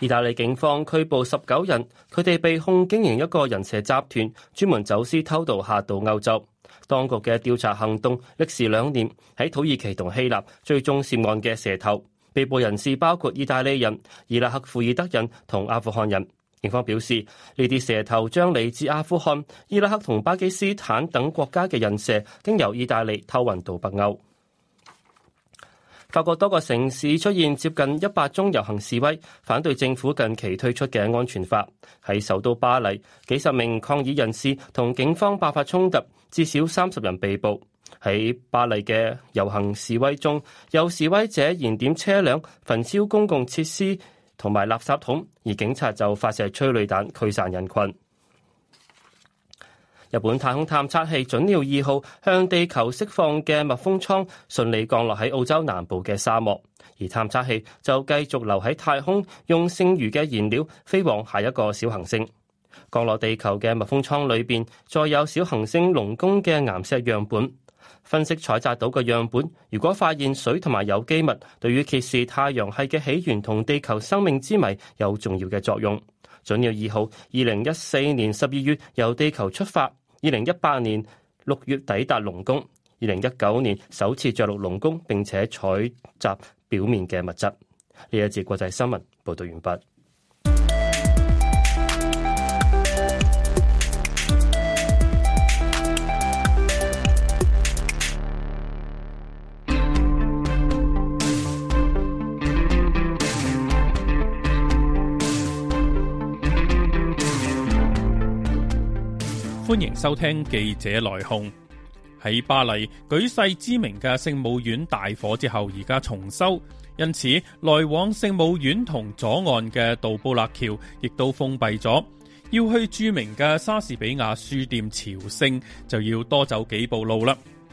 意大利警方拘捕十九人，佢哋被控經營一個人蛇集團，專門走私偷渡下到歐洲。當局嘅調查行動歷時兩年，喺土耳其同希臘最終涉案嘅蛇頭被捕人士包括意大利人、伊拉克庫爾德人同阿富汗人。警方表示，呢啲蛇頭將嚟自阿富汗、伊拉克同巴基斯坦等國家嘅人蛇，經由意大利偷運到北歐。法國多個城市出現接近一百宗遊行示威，反對政府近期推出嘅安全法。喺首都巴黎，幾十名抗議人士同警方爆發衝突，至少三十人被捕。喺巴黎嘅遊行示威中，有示威者燃點車輛、焚燒公共設施同埋垃圾桶，而警察就發射催淚彈驅散人群。日本太空探測器隼鳥二號向地球釋放嘅密封艙順利降落喺澳洲南部嘅沙漠，而探測器就繼續留喺太空，用剩餘嘅燃料飛往下一個小行星。降落地球嘅密封艙裏邊，再有小行星龍宮嘅岩石樣本。分析採集到嘅樣本，如果發現水同埋有機物，對於揭示太陽系嘅起源同地球生命之謎有重要嘅作用。隼鳥二號二零一四年十二月由地球出發。二零一八年六月抵達龍宮，二零一九年首次着陸龍宮，並且採集表面嘅物質。呢一節國際新聞報道完畢。歡迎收聽記者來鴻。喺巴黎舉世知名嘅聖母院大火之後，而家重修，因此來往聖母院同左岸嘅杜布勒橋亦都封閉咗。要去著名嘅莎士比亞書店朝聖，就要多走幾步路啦。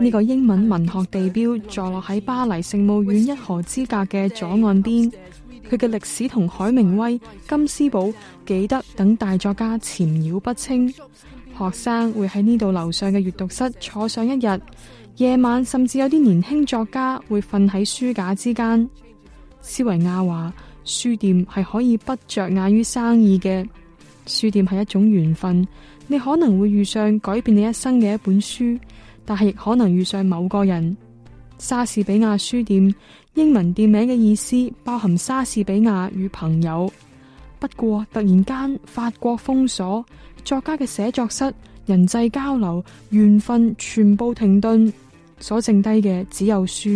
呢個英文文學地標坐落喺巴黎聖母院一河之隔嘅左岸邊，佢嘅歷史同海明威、金斯堡、紀德等大作家纏繞不清。學生會喺呢度樓上嘅閱讀室坐上一日，夜晚甚至有啲年輕作家會瞓喺書架之間。斯維亞話：書店係可以不着眼於生意嘅，書店係一種緣分，你可能會遇上改變你一生嘅一本書。但係亦可能遇上某個人。莎士比亞書店英文店名嘅意思包含莎士比亞與朋友。不過，突然間，法國封鎖，作家嘅寫作室，人際交流、緣分全部停頓，所剩低嘅只有書。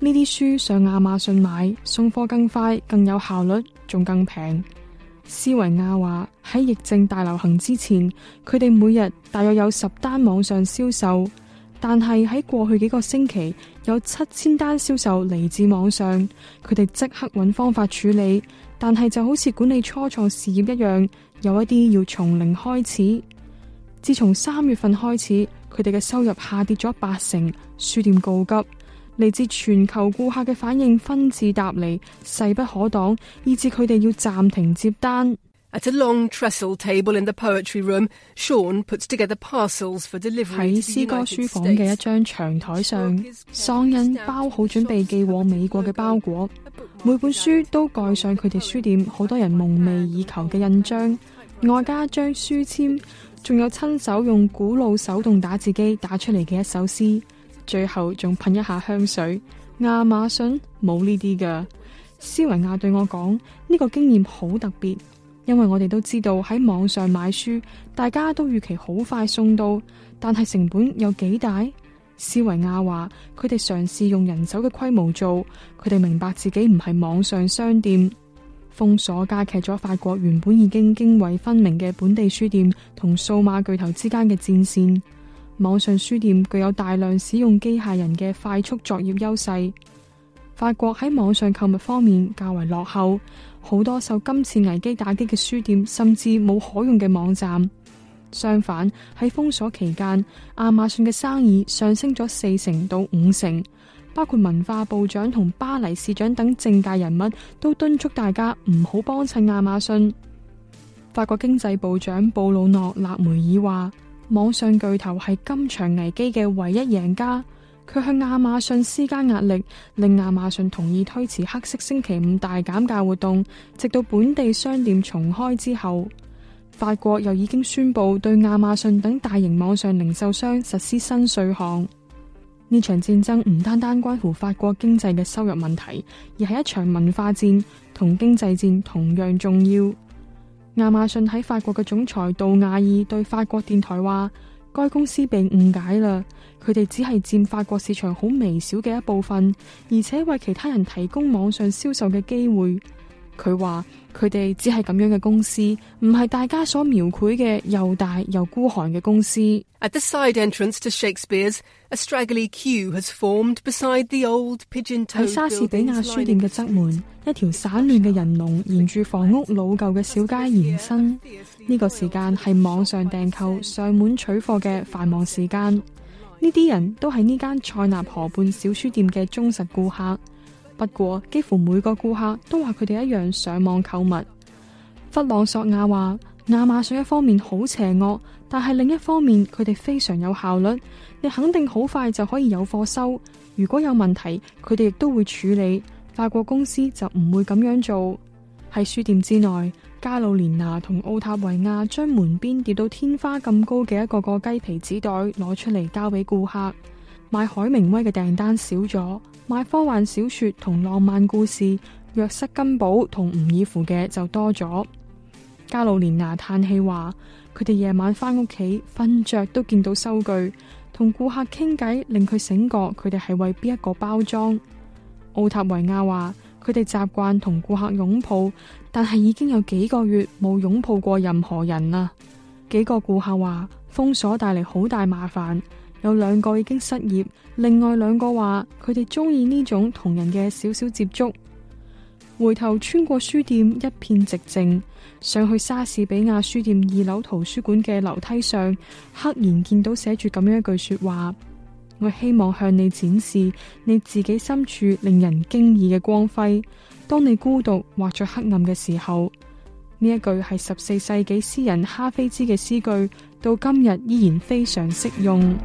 呢啲書上亞馬遜買，送貨更快，更有效率，仲更平。斯維亞話，喺疫症大流行之前，佢哋每日大約有十單網上銷售。但係喺過去幾個星期，有七千單銷售嚟自網上，佢哋即刻揾方法處理。但係就好似管理初創事業一樣，有一啲要從零開始。自從三月份開始，佢哋嘅收入下跌咗八成，書店告急，嚟自全球顧客嘅反應紛至沓嚟，勢不可擋，以致佢哋要暫停接單。喺詩歌書房嘅一張長台上，桑恩包好準備寄往美國嘅包裹，每本書都蓋上佢哋書店好多人夢寐以求嘅印章。外加一張書籤，仲有親手用古老手動打字機打出嚟嘅一首詩。最後仲噴一下香水。亞馬遜冇呢啲㗎。斯維亞對我講呢，呢個經驗好特別。因為我哋都知道喺網上買書，大家都預期好快送到，但係成本有幾大？斯維亞話：佢哋嘗試用人手嘅規模做，佢哋明白自己唔係網上商店。封鎖加劇咗法國原本已經涇渭分明嘅本地書店同數碼巨頭之間嘅戰線。網上書店具有大量使用機械人嘅快速作業優勢。法國喺網上購物方面較為落後。好多受今次危機打擊嘅書店甚至冇可用嘅網站。相反喺封鎖期間，亞馬遜嘅生意上升咗四成到五成。包括文化部長同巴黎市長等政界人物都敦促大家唔好幫襯亞馬遜。法國經濟部長布魯諾勒梅爾話：網上巨頭係今場危機嘅唯一贏家。佢向亞馬遜施加壓力，令亞馬遜同意推遲黑色星期五大減價活動，直到本地商店重開之後。法國又已經宣佈對亞馬遜等大型網上零售商實施新稅項。呢場戰爭唔單單關乎法國經濟嘅收入問題，而係一場文化戰同經濟戰同樣重要。亞馬遜喺法國嘅總裁杜瓦爾對法國電台話。該公司被誤解喇，佢哋只係佔法國市場好微小嘅一部分，而且為其他人提供網上銷售嘅機會。佢話佢哋只係咁樣嘅公司，唔係大家所描繪嘅又大又孤寒嘅公司。喺莎士比亞書店嘅側門，一條散亂嘅人龍沿住房屋老舊嘅小街延伸。呢個時間係網上訂購、上門取貨嘅繁忙時間。呢啲人都係呢間塞納河畔小書店嘅忠實顧客。不過，幾乎每個顧客都話佢哋一樣上網購物。弗朗索亞話：亞馬遜一方面好邪惡，但係另一方面佢哋非常有效率，你肯定好快就可以有貨收。如果有問題，佢哋亦都會處理。法國公司就唔會咁樣做。喺書店之內，加魯蓮娜同奧塔維亞將門邊跌到天花咁高嘅一個個雞皮紙袋攞出嚟交俾顧客。買海明威嘅訂單少咗，買科幻小說同浪漫故事，約瑟金寶同吳爾芙嘅就多咗。加魯蓮娜嘆氣話：佢哋夜晚返屋企瞓着都見到收據，同顧客傾計令佢醒覺，佢哋係為邊一個包裝。奧塔維亞話：佢哋習慣同顧客擁抱，但係已經有幾個月冇擁抱過任何人啦。幾個顧客話：封鎖帶嚟好大麻煩。有兩個已經失業，另外兩個話佢哋中意呢種同人嘅小小接觸。回頭穿過書店，一片寂靜，上去莎士比亞書店二樓圖書館嘅樓梯上，赫然見到寫住咁樣一句說話：我希望向你展示你自己深處令人驚異嘅光輝。當你孤獨或者黑暗嘅時候，呢一句係十四世紀詩人哈菲茲嘅詩句，到今日依然非常適用。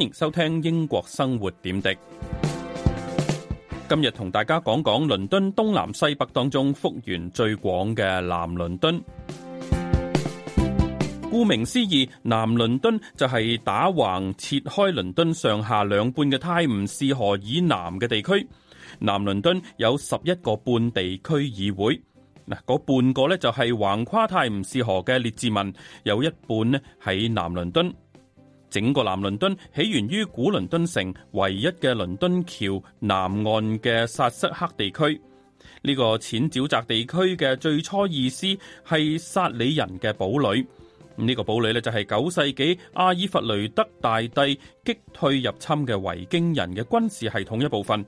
歡迎收聽英國生活點滴。今日同大家講講倫敦東南西北當中幅員最廣嘅南倫敦。顧名思義，南倫敦就係打橫切開倫敦上下兩半嘅泰晤士河以南嘅地區。南倫敦有十一個半地區議會。嗱，嗰半個咧就係橫跨泰晤士河嘅列治文，有一半咧喺南倫敦。整個南倫敦起源於古倫敦城唯一嘅倫敦橋南岸嘅薩瑟克地區，呢、這個淺沼澤地區嘅最初意思係薩里人嘅堡壘，呢、這個堡壘呢，就係九世紀阿爾弗雷德大帝擊退入侵嘅維京人嘅軍事系統一部分。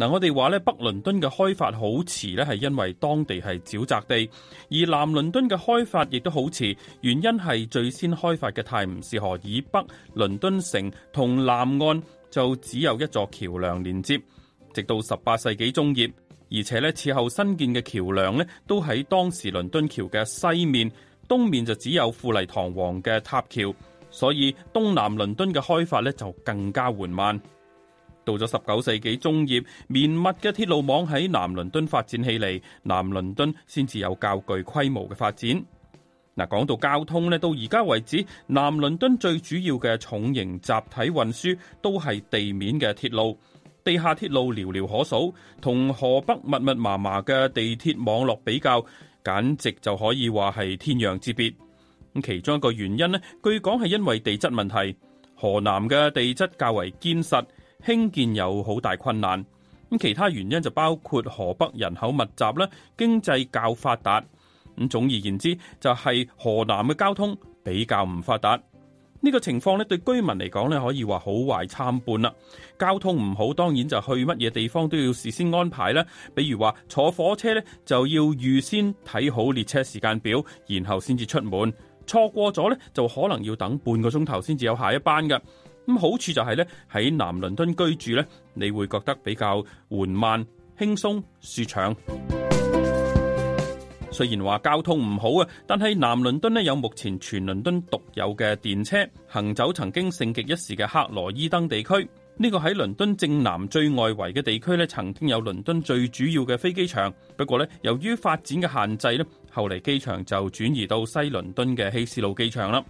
嗱，我哋話咧，北倫敦嘅開發好遲咧，係因為當地係沼澤地；而南倫敦嘅開發亦都好遲，原因係最先開發嘅泰晤士河以北倫敦城同南岸就只有一座橋梁連接，直到十八世紀中葉。而且咧，此後新建嘅橋梁呢都喺當時倫敦橋嘅西面，東面就只有富麗堂皇嘅塔橋，所以東南倫敦嘅開發咧就更加緩慢。到咗十九世紀中葉，綿密嘅鐵路網喺南倫敦發展起嚟，南倫敦先至有較具規模嘅發展。嗱，講到交通咧，到而家為止，南倫敦最主要嘅重型集體運輸都係地面嘅鐵路，地下鐵路寥寥可數，同河北密密麻麻嘅地鐵網絡比較，簡直就可以話係天壤之別。咁，其中一個原因咧，據講係因為地質問題，河南嘅地質較為堅實。興建有好大困難，咁其他原因就包括河北人口密集啦，經濟較發達。咁總而言之，就係河南嘅交通比較唔發達。呢個情況呢，對居民嚟講呢，可以話好壞參半啦。交通唔好，當然就去乜嘢地方都要事先安排啦。比如話坐火車呢，就要預先睇好列車時間表，然後先至出門。錯過咗呢，就可能要等半個鐘頭先至有下一班㗎。咁好處就係咧，喺南倫敦居住咧，你會覺得比較緩慢、輕鬆、舒暢。雖然話交通唔好啊，但係南倫敦呢，有目前全倫敦獨有嘅電車，行走曾經盛極一時嘅克羅伊登地區。呢個喺倫敦正南最外圍嘅地區呢，曾經有倫敦最主要嘅飛機場。不過呢，由於發展嘅限制呢，後嚟機場就轉移到西倫敦嘅希斯路機場啦。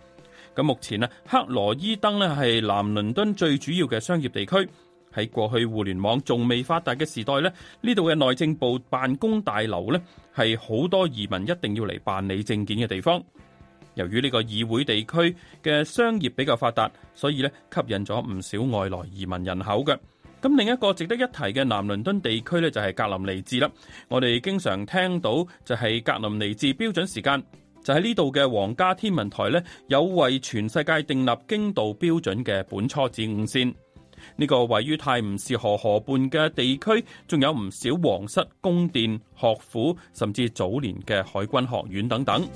咁目前咧，克羅伊登咧係南倫敦最主要嘅商業地區。喺過去互聯網仲未發達嘅時代咧，呢度嘅內政部辦公大樓咧係好多移民一定要嚟辦理證件嘅地方。由於呢個議會地區嘅商業比較發達，所以咧吸引咗唔少外來移民人口嘅。咁另一個值得一提嘅南倫敦地區咧就係格林尼治啦。我哋經常聽到就係格林尼治標準時間。就喺呢度嘅皇家天文台咧，有為全世界訂立經度標準嘅本初子午線。呢、這個位於泰晤士河河畔嘅地區，仲有唔少皇室宮殿、學府，甚至早年嘅海軍學院等等。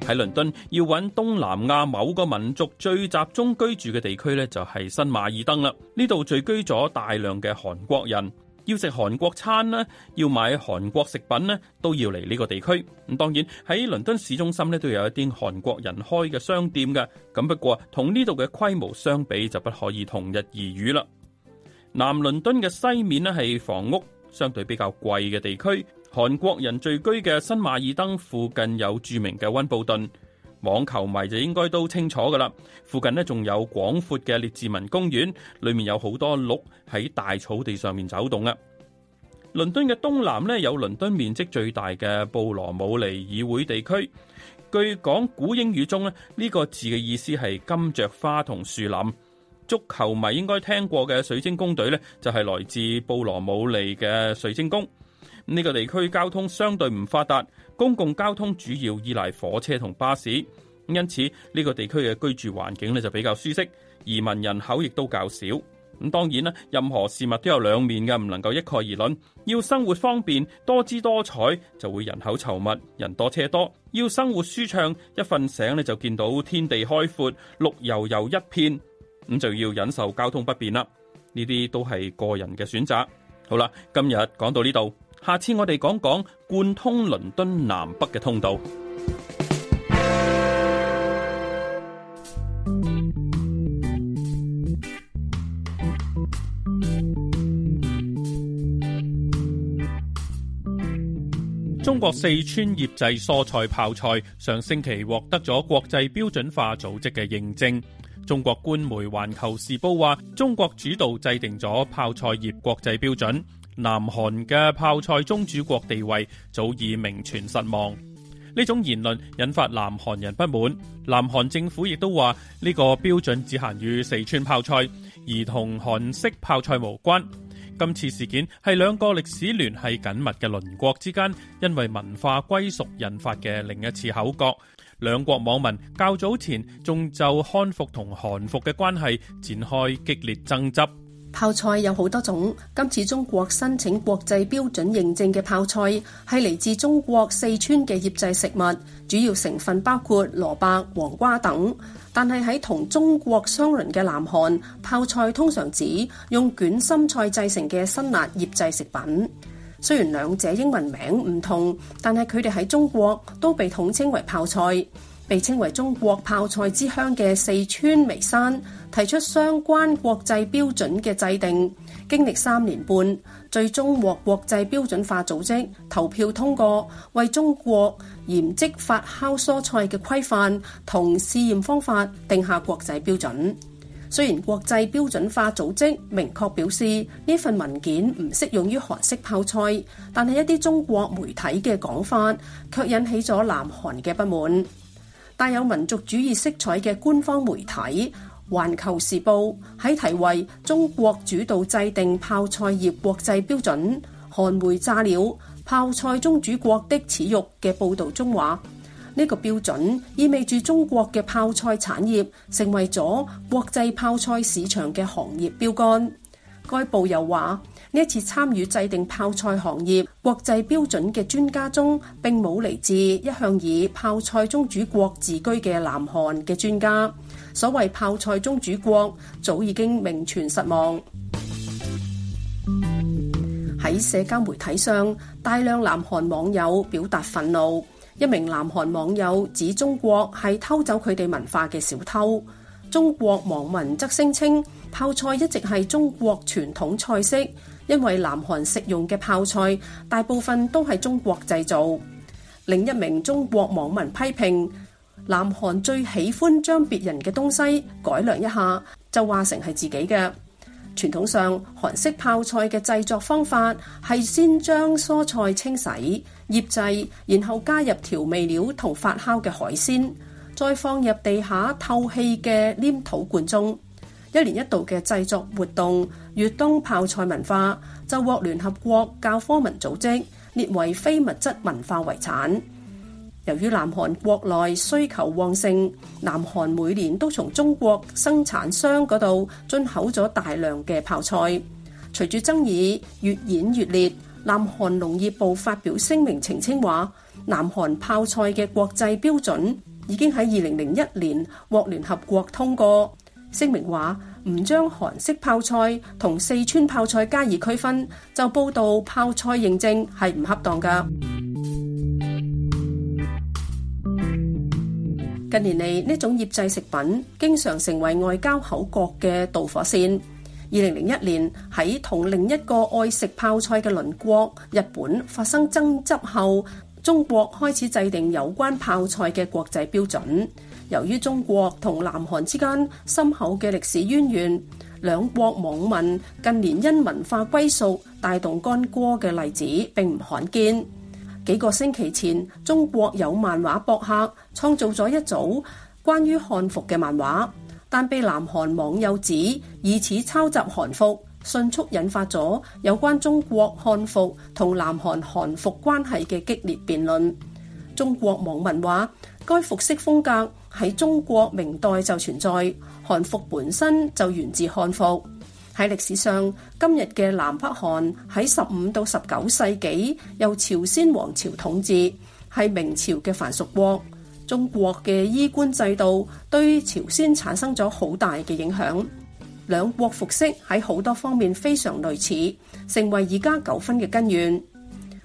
喺倫敦，要揾東南亞某個民族最集中居住嘅地區咧，就係、是、新馬爾登啦。呢度聚居咗大量嘅韓國人。要食韓國餐呢，要買韓國食品呢，都要嚟呢個地區。咁當然喺倫敦市中心呢，都有一啲韓國人開嘅商店嘅。咁不過同呢度嘅規模相比，就不可以同日而語啦。南倫敦嘅西面呢係房屋，相對比較貴嘅地區。韓國人聚居嘅新馬爾登附近有著名嘅溫布頓。網球迷就應該都清楚噶啦，附近呢，仲有廣闊嘅列治文公園，裏面有好多鹿喺大草地上面走動啦。倫敦嘅東南呢，有倫敦面積最大嘅布羅姆利議會地區，據講古英語中咧呢、這個字嘅意思係金雀花同樹林。足球迷應該聽過嘅水晶宮隊呢，就係來自布羅姆利嘅水晶宮。呢、這個地區交通相對唔發達。公共交通主要依賴火車同巴士，因此呢個地區嘅居住環境呢就比較舒適，移民人口亦都較少。咁當然啦，任何事物都有兩面嘅，唔能夠一概而論。要生活方便多姿多彩，就會人口稠密，人多車多；要生活舒暢，一瞓醒呢就見到天地開闊，綠油油一片，咁就要忍受交通不便啦。呢啲都係個人嘅選擇。好啦，今日講到呢度。下次我哋講講貫通倫敦南北嘅通道。中國四川醃製蔬，蔬菜泡菜上星期獲得咗國際標準化組織嘅認證。中國官媒《環球時報》話，中國主導制定咗泡菜業國際標準。南韓嘅泡菜宗主國地位早已名存實亡，呢種言論引發南韓人不滿。南韓政府亦都話呢個標準只限於四川泡菜，而同韓式泡菜無關。今次事件係兩個歷史聯繫緊密嘅鄰國之間，因為文化歸屬引發嘅另一次口角。兩國網民較早前仲就漢服同韓服嘅關係展開激烈爭執。泡菜有好多種，今次中國申請國際標準認證嘅泡菜係嚟自中國四川嘅醃製食物，主要成分包括蘿蔔、黃瓜等。但係喺同中國相鄰嘅南韓，泡菜通常指用卷心菜製成嘅辛辣醃製食品。雖然兩者英文名唔同，但係佢哋喺中國都被統稱為泡菜。被稱為中國泡菜之鄉嘅四川眉山提出相關國際標準嘅制定，經歷三年半，最終獲國際標準化組織投票通過，為中國鹽漬發酵蔬菜嘅規範同試驗方法定下國際標準。雖然國際標準化組織明確表示呢份文件唔適用於韓式泡菜，但係一啲中國媒體嘅講法卻引起咗南韓嘅不滿。帶有民族主義色彩嘅官方媒體環球時報喺題為中國主導制定泡菜業國際標準韓媒炸了泡菜宗主國的恥辱嘅報道中話，呢、這個標準意味住中國嘅泡菜產業成為咗國際泡菜市場嘅行業標杆，該報又話。呢一次參與制定泡菜行業國際標準嘅專家中，並冇嚟自一向以泡菜宗主國自居嘅南韓嘅專家。所謂泡菜宗主國早已經名存實亡。喺社交媒體上，大量南韓網友表達憤怒。一名南韓網友指中國係偷走佢哋文化嘅小偷。中國網民則聲稱泡菜一直係中國傳統菜式。因為南韓食用嘅泡菜大部分都係中國製造。另一名中國網民批評南韓最喜歡將別人嘅東西改良一下，就話成係自己嘅。傳統上韓式泡菜嘅製作方法係先將蔬菜清洗、醃製，然後加入調味料同發酵嘅海鮮，再放入地下透氣嘅黏土罐中。一年一度嘅製作活動越冬泡菜文化就獲聯合國教科文組織列為非物質文化遺產。由於南韓國內需求旺盛，南韓每年都從中國生產商嗰度進口咗大量嘅泡菜。隨住爭議越演越烈，南韓農業部發表聲明澄清話，南韓泡菜嘅國際標準已經喺二零零一年獲聯合國通過。聲明話唔將韓式泡菜同四川泡菜加以區分，就報道泡菜認證係唔恰當嘅。近年嚟呢種醃製食品經常成為外交口角嘅導火線。二零零一年喺同另一個愛食泡菜嘅鄰國日本發生爭執後，中國開始制定有關泡菜嘅國際標準。由於中國同南韓之間深厚嘅歷史淵源，兩國網民近年因文化歸屬大動干戈嘅例子並唔罕見。幾個星期前，中國有漫畫博客創造咗一組關於漢服嘅漫畫，但被南韓網友指以此抄襲韓服，迅速引發咗有關中國漢服同南韓韓服關係嘅激烈辯論。中國網民話，該服飾風格喺中國明代就存在，韓服本身就源自漢服。喺歷史上，今日嘅南北韓喺十五到十九世紀由朝鮮王朝統治，係明朝嘅藩屬國。中國嘅衣冠制度對朝鮮產生咗好大嘅影響，兩國服飾喺好多方面非常類似，成為而家糾紛嘅根源。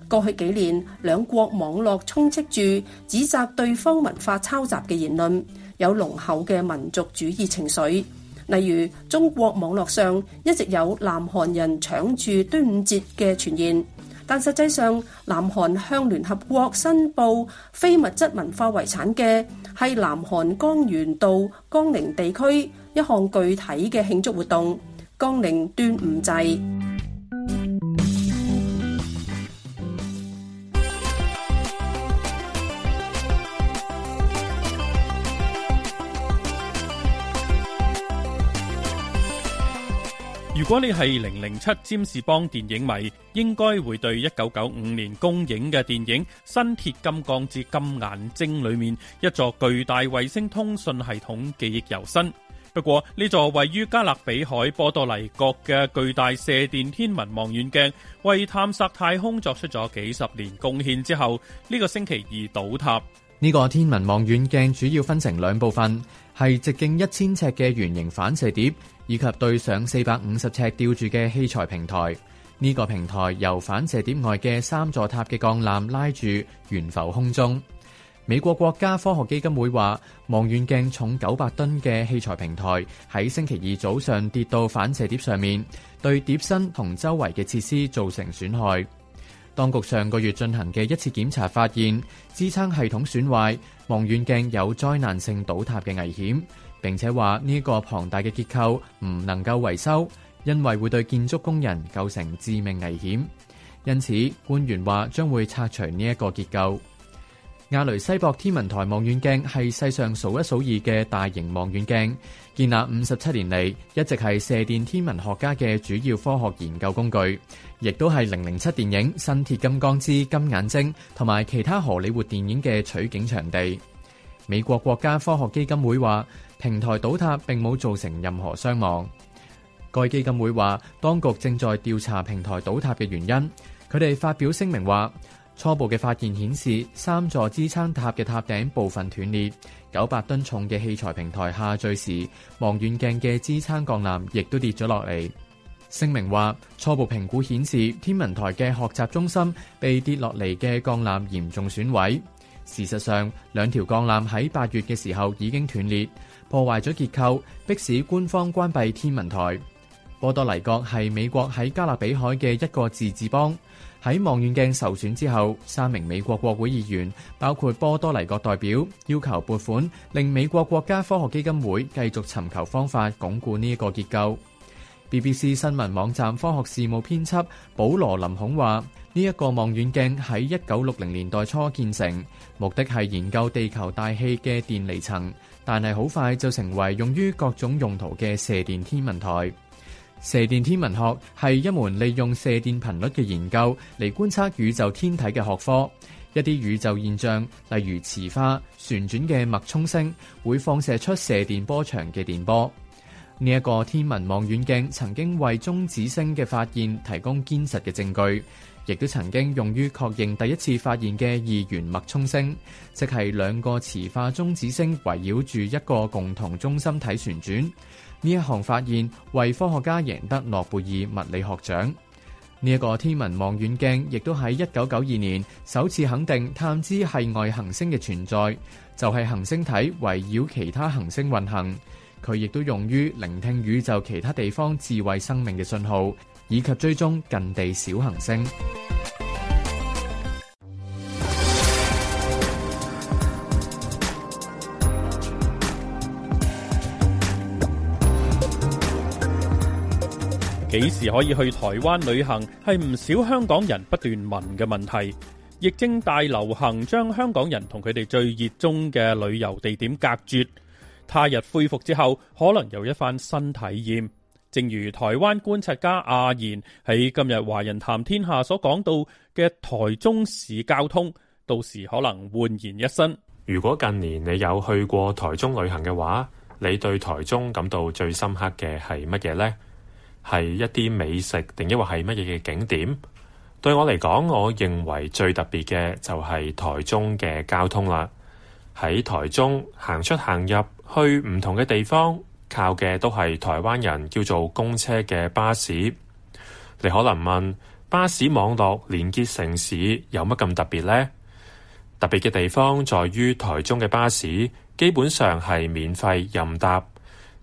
過去幾年，兩國網絡充斥住指責對方文化抄襲嘅言論，有濃厚嘅民族主義情緒。例如，中國網絡上一直有南韓人搶住端午節嘅傳言，但實際上，南韓向聯合國申報非物質文化遺產嘅係南韓江原道江陵地區一項具體嘅慶祝活動——江陵端午祭。如果你係零零七占士邦電影迷，應該會對一九九五年公映嘅電影《新鐵金剛之金眼睛》裏面一座巨大衛星通訊系統記憶猶新。不過呢座位於加勒比海波多黎各嘅巨大射電天文望遠鏡，為探索太空作出咗幾十年貢獻之後，呢、呢個星期二倒塌。呢個天文望遠鏡主要分成兩部分，係直徑一千尺嘅圓形反射碟。以及對上四百五十尺吊住嘅器材平台，呢個平台由反射碟外嘅三座塔嘅鋼纜拉住懸浮空中。美國國家科學基金會話，望遠鏡重九百噸嘅器材平台喺星期二早上跌到反射碟上面，對碟身同周圍嘅設施造成損害。當局上個月進行嘅一次檢查發現，支撐系統損壞，望遠鏡有災難性倒塌嘅危險。並且話呢個龐大嘅結構唔能夠維修，因為會對建築工人構成致命危險。因此，官員話將會拆除呢一個結構。亞雷西博天文台望遠鏡係世上數一數二嘅大型望遠鏡，建立五十七年嚟一直係射電天文學家嘅主要科學研究工具，亦都係零零七電影《新鐵金剛之金眼睛》同埋其他荷里活電影嘅取景場地。美國國家科學基金會話。平台倒塌並冇造成任何傷亡，該基金會話：當局正在調查平台倒塌嘅原因。佢哋發表聲明話：初步嘅發現顯示，三座支撐塔嘅塔頂部分斷裂，九百噸重嘅器材平台下墜時，望遠鏡嘅支撐鋼纜亦都跌咗落嚟。聲明話：初步評估顯示，天文台嘅學習中心被跌落嚟嘅鋼纜嚴重損毀。事實上，兩條鋼纜喺八月嘅時候已經斷裂，破壞咗結構，迫使官方關閉天文台。波多黎各係美國喺加勒比海嘅一個自治邦。喺望遠鏡受損之後，三名美國國會議員，包括波多黎各代表，要求撥款，令美國國家科學基金會繼續尋求方法，鞏固呢一個結構。BBC 新聞網站科學事務編輯保羅林孔話：呢一個望遠鏡喺一九六零年代初建成，目的係研究地球大氣嘅電離層，但係好快就成為用於各種用途嘅射電天文台。射電天文學係一門利用射電頻率嘅研究嚟觀測宇宙天體嘅學科。一啲宇宙現象，例如磁化、旋轉嘅脈衝星，會放射出射電波長嘅電波。呢一個天文望遠鏡曾經為中子星嘅發現提供堅實嘅證據，亦都曾經用於確認第一次發現嘅二元脈衝星，即係兩個磁化中子星圍繞住一個共同中心體旋轉。呢一項發現為科學家贏得諾貝爾物理學獎。呢一個天文望遠鏡亦都喺一九九二年首次肯定探知系外行星嘅存在，就係行星體圍繞其他行星運行。佢亦都用於聆聽宇宙其他地方智慧生命嘅信號，以及追蹤近地小行星。幾時可以去台灣旅行？係唔少香港人不斷問嘅問題。疫症大流行將香港人同佢哋最熱衷嘅旅遊地點隔絕。他日恢復之後，可能有一番新體驗。正如台灣觀察家阿賢喺今日《華人談天下》所講到嘅，台中市交通到時可能煥然一新。如果近年你有去過台中旅行嘅話，你對台中感到最深刻嘅係乜嘢呢？係一啲美食，定抑或係乜嘢嘅景點？對我嚟講，我認為最特別嘅就係台中嘅交通啦。喺台中行出行入。去唔同嘅地方，靠嘅都係台灣人叫做公車嘅巴士。你可能問，巴士網絡連結城市有乜咁特別咧？特別嘅地方在於台中嘅巴士基本上係免費任搭，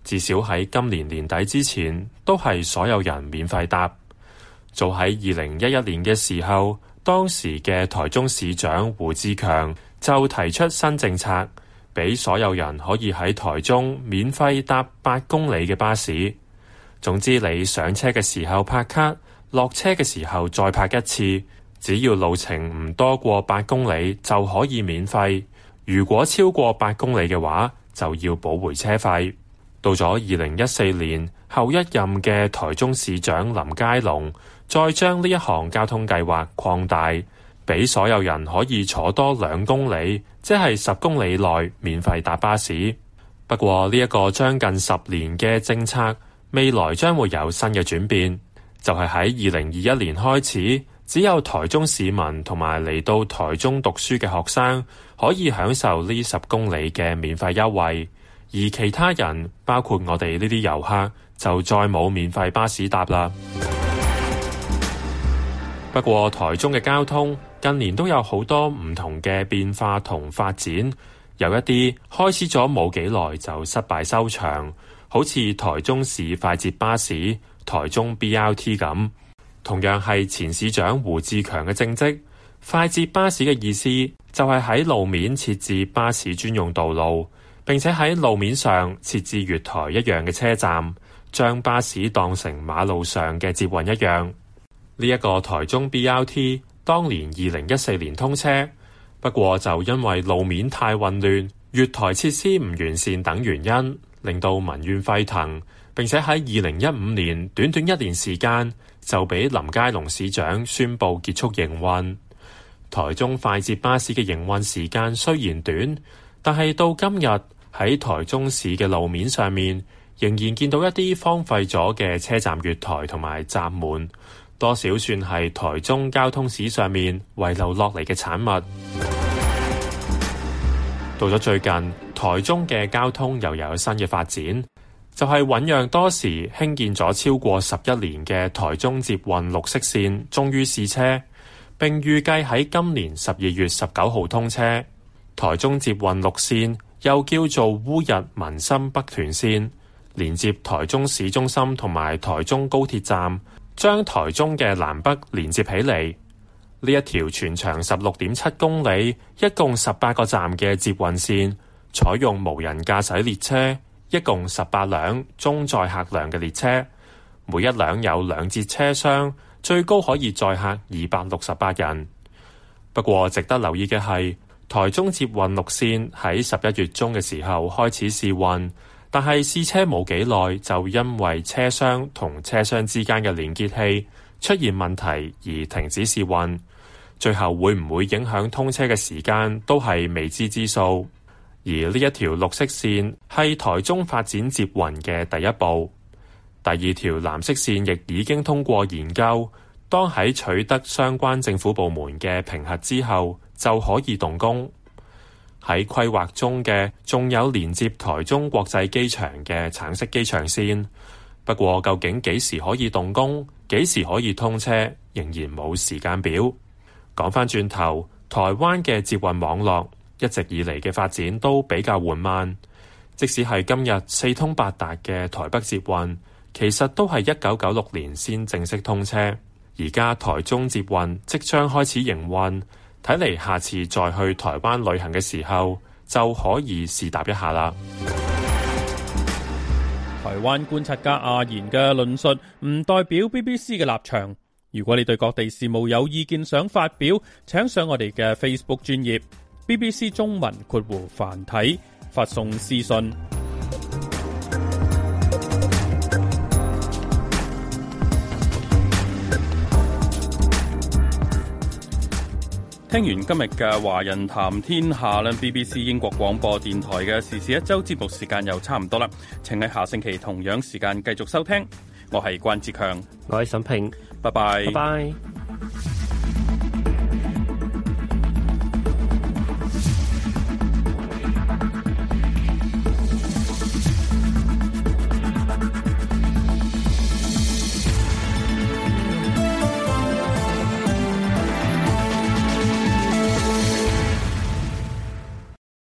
至少喺今年年底之前都係所有人免費搭。早喺二零一一年嘅時候，當時嘅台中市長胡志強就提出新政策。俾所有人可以喺台中免費搭八公里嘅巴士。總之，你上車嘅時候拍卡，落車嘅時候再拍一次，只要路程唔多過八公里就可以免費。如果超過八公里嘅話，就要補回車費。到咗二零一四年，後一任嘅台中市長林佳龍再將呢一項交通計劃擴大。俾所有人可以坐多兩公里，即係十公里內免費搭巴士。不過呢一個將近十年嘅政策，未來將會有新嘅轉變，就係喺二零二一年開始，只有台中市民同埋嚟到台中讀書嘅學生可以享受呢十公里嘅免費優惠，而其他人包括我哋呢啲遊客就再冇免費巴士搭啦。不過台中嘅交通近年都有好多唔同嘅變化同發展，有一啲開始咗冇幾耐就失敗收場，好似台中市快捷巴士、台中 BRT 咁，同樣係前市長胡志強嘅政績。快捷巴士嘅意思就係喺路面設置巴士專用道路，並且喺路面上設置月台一樣嘅車站，將巴士當成馬路上嘅捷運一樣。呢、這、一個台中 BRT，當年二零一四年通車，不過就因為路面太混亂、月台設施唔完善，等原因，令到民怨沸騰，並且喺二零一五年短短一年時間就俾林佳龍市長宣布結束營運。台中快捷巴士嘅營運時間雖然短，但係到今日喺台中市嘅路面上面，仍然見到一啲荒廢咗嘅車站月台同埋閘門。多少算係台中交通史上面遺留落嚟嘅產物。到咗最近，台中嘅交通又有新嘅發展，就係醞釀多時興建咗超過十一年嘅台中捷運綠色線，終於試車，並預計喺今年十二月十九號通車。台中捷運綠線又叫做烏日民心北屯線，連接台中市中心同埋台中高鐵站，將台中嘅南北連接起嚟，呢一條全長十六點七公里，一共十八個站嘅捷運線，採用無人駕駛列車，一共十八輛中載客量嘅列車，每一輛有兩節車廂，最高可以載客二百六十八人。不過值得留意嘅係，台中捷運綠線喺十一月中嘅時候開始試運。但係試車冇幾耐，就因為車廂同車廂之間嘅連結器出現問題而停止試運，最後會唔會影響通車嘅時間，都係未知之數。而呢一條綠色線係台中發展捷運嘅第一步，第二條藍色線亦已經通過研究，當喺取得相關政府部門嘅評核之後，就可以動工。喺規劃中嘅，仲有連接台中國際機場嘅橙色機場線。不過，究竟幾時可以動工，幾時可以通車，仍然冇時間表。講返轉頭，台灣嘅捷運網絡一直以嚟嘅發展都比較緩慢。即使係今日四通八達嘅台北捷運，其實都係一九九六年先正式通車。而家台中捷運即將開始營運。睇嚟，下次再去台灣旅行嘅時候就可以試搭一下啦。台灣觀察家阿言嘅論述唔代表 BBC 嘅立場。如果你對各地事務有意見想發表，請上我哋嘅 Facebook 專頁 BBC 中文括弧繁體發送私信。聽完今日嘅《華人談天下》啦，BBC 英國廣播電台嘅時事一周節目時間又差唔多啦，請喺下星期同樣時間繼續收聽。我係關志強，我係沈平，拜拜。拜拜。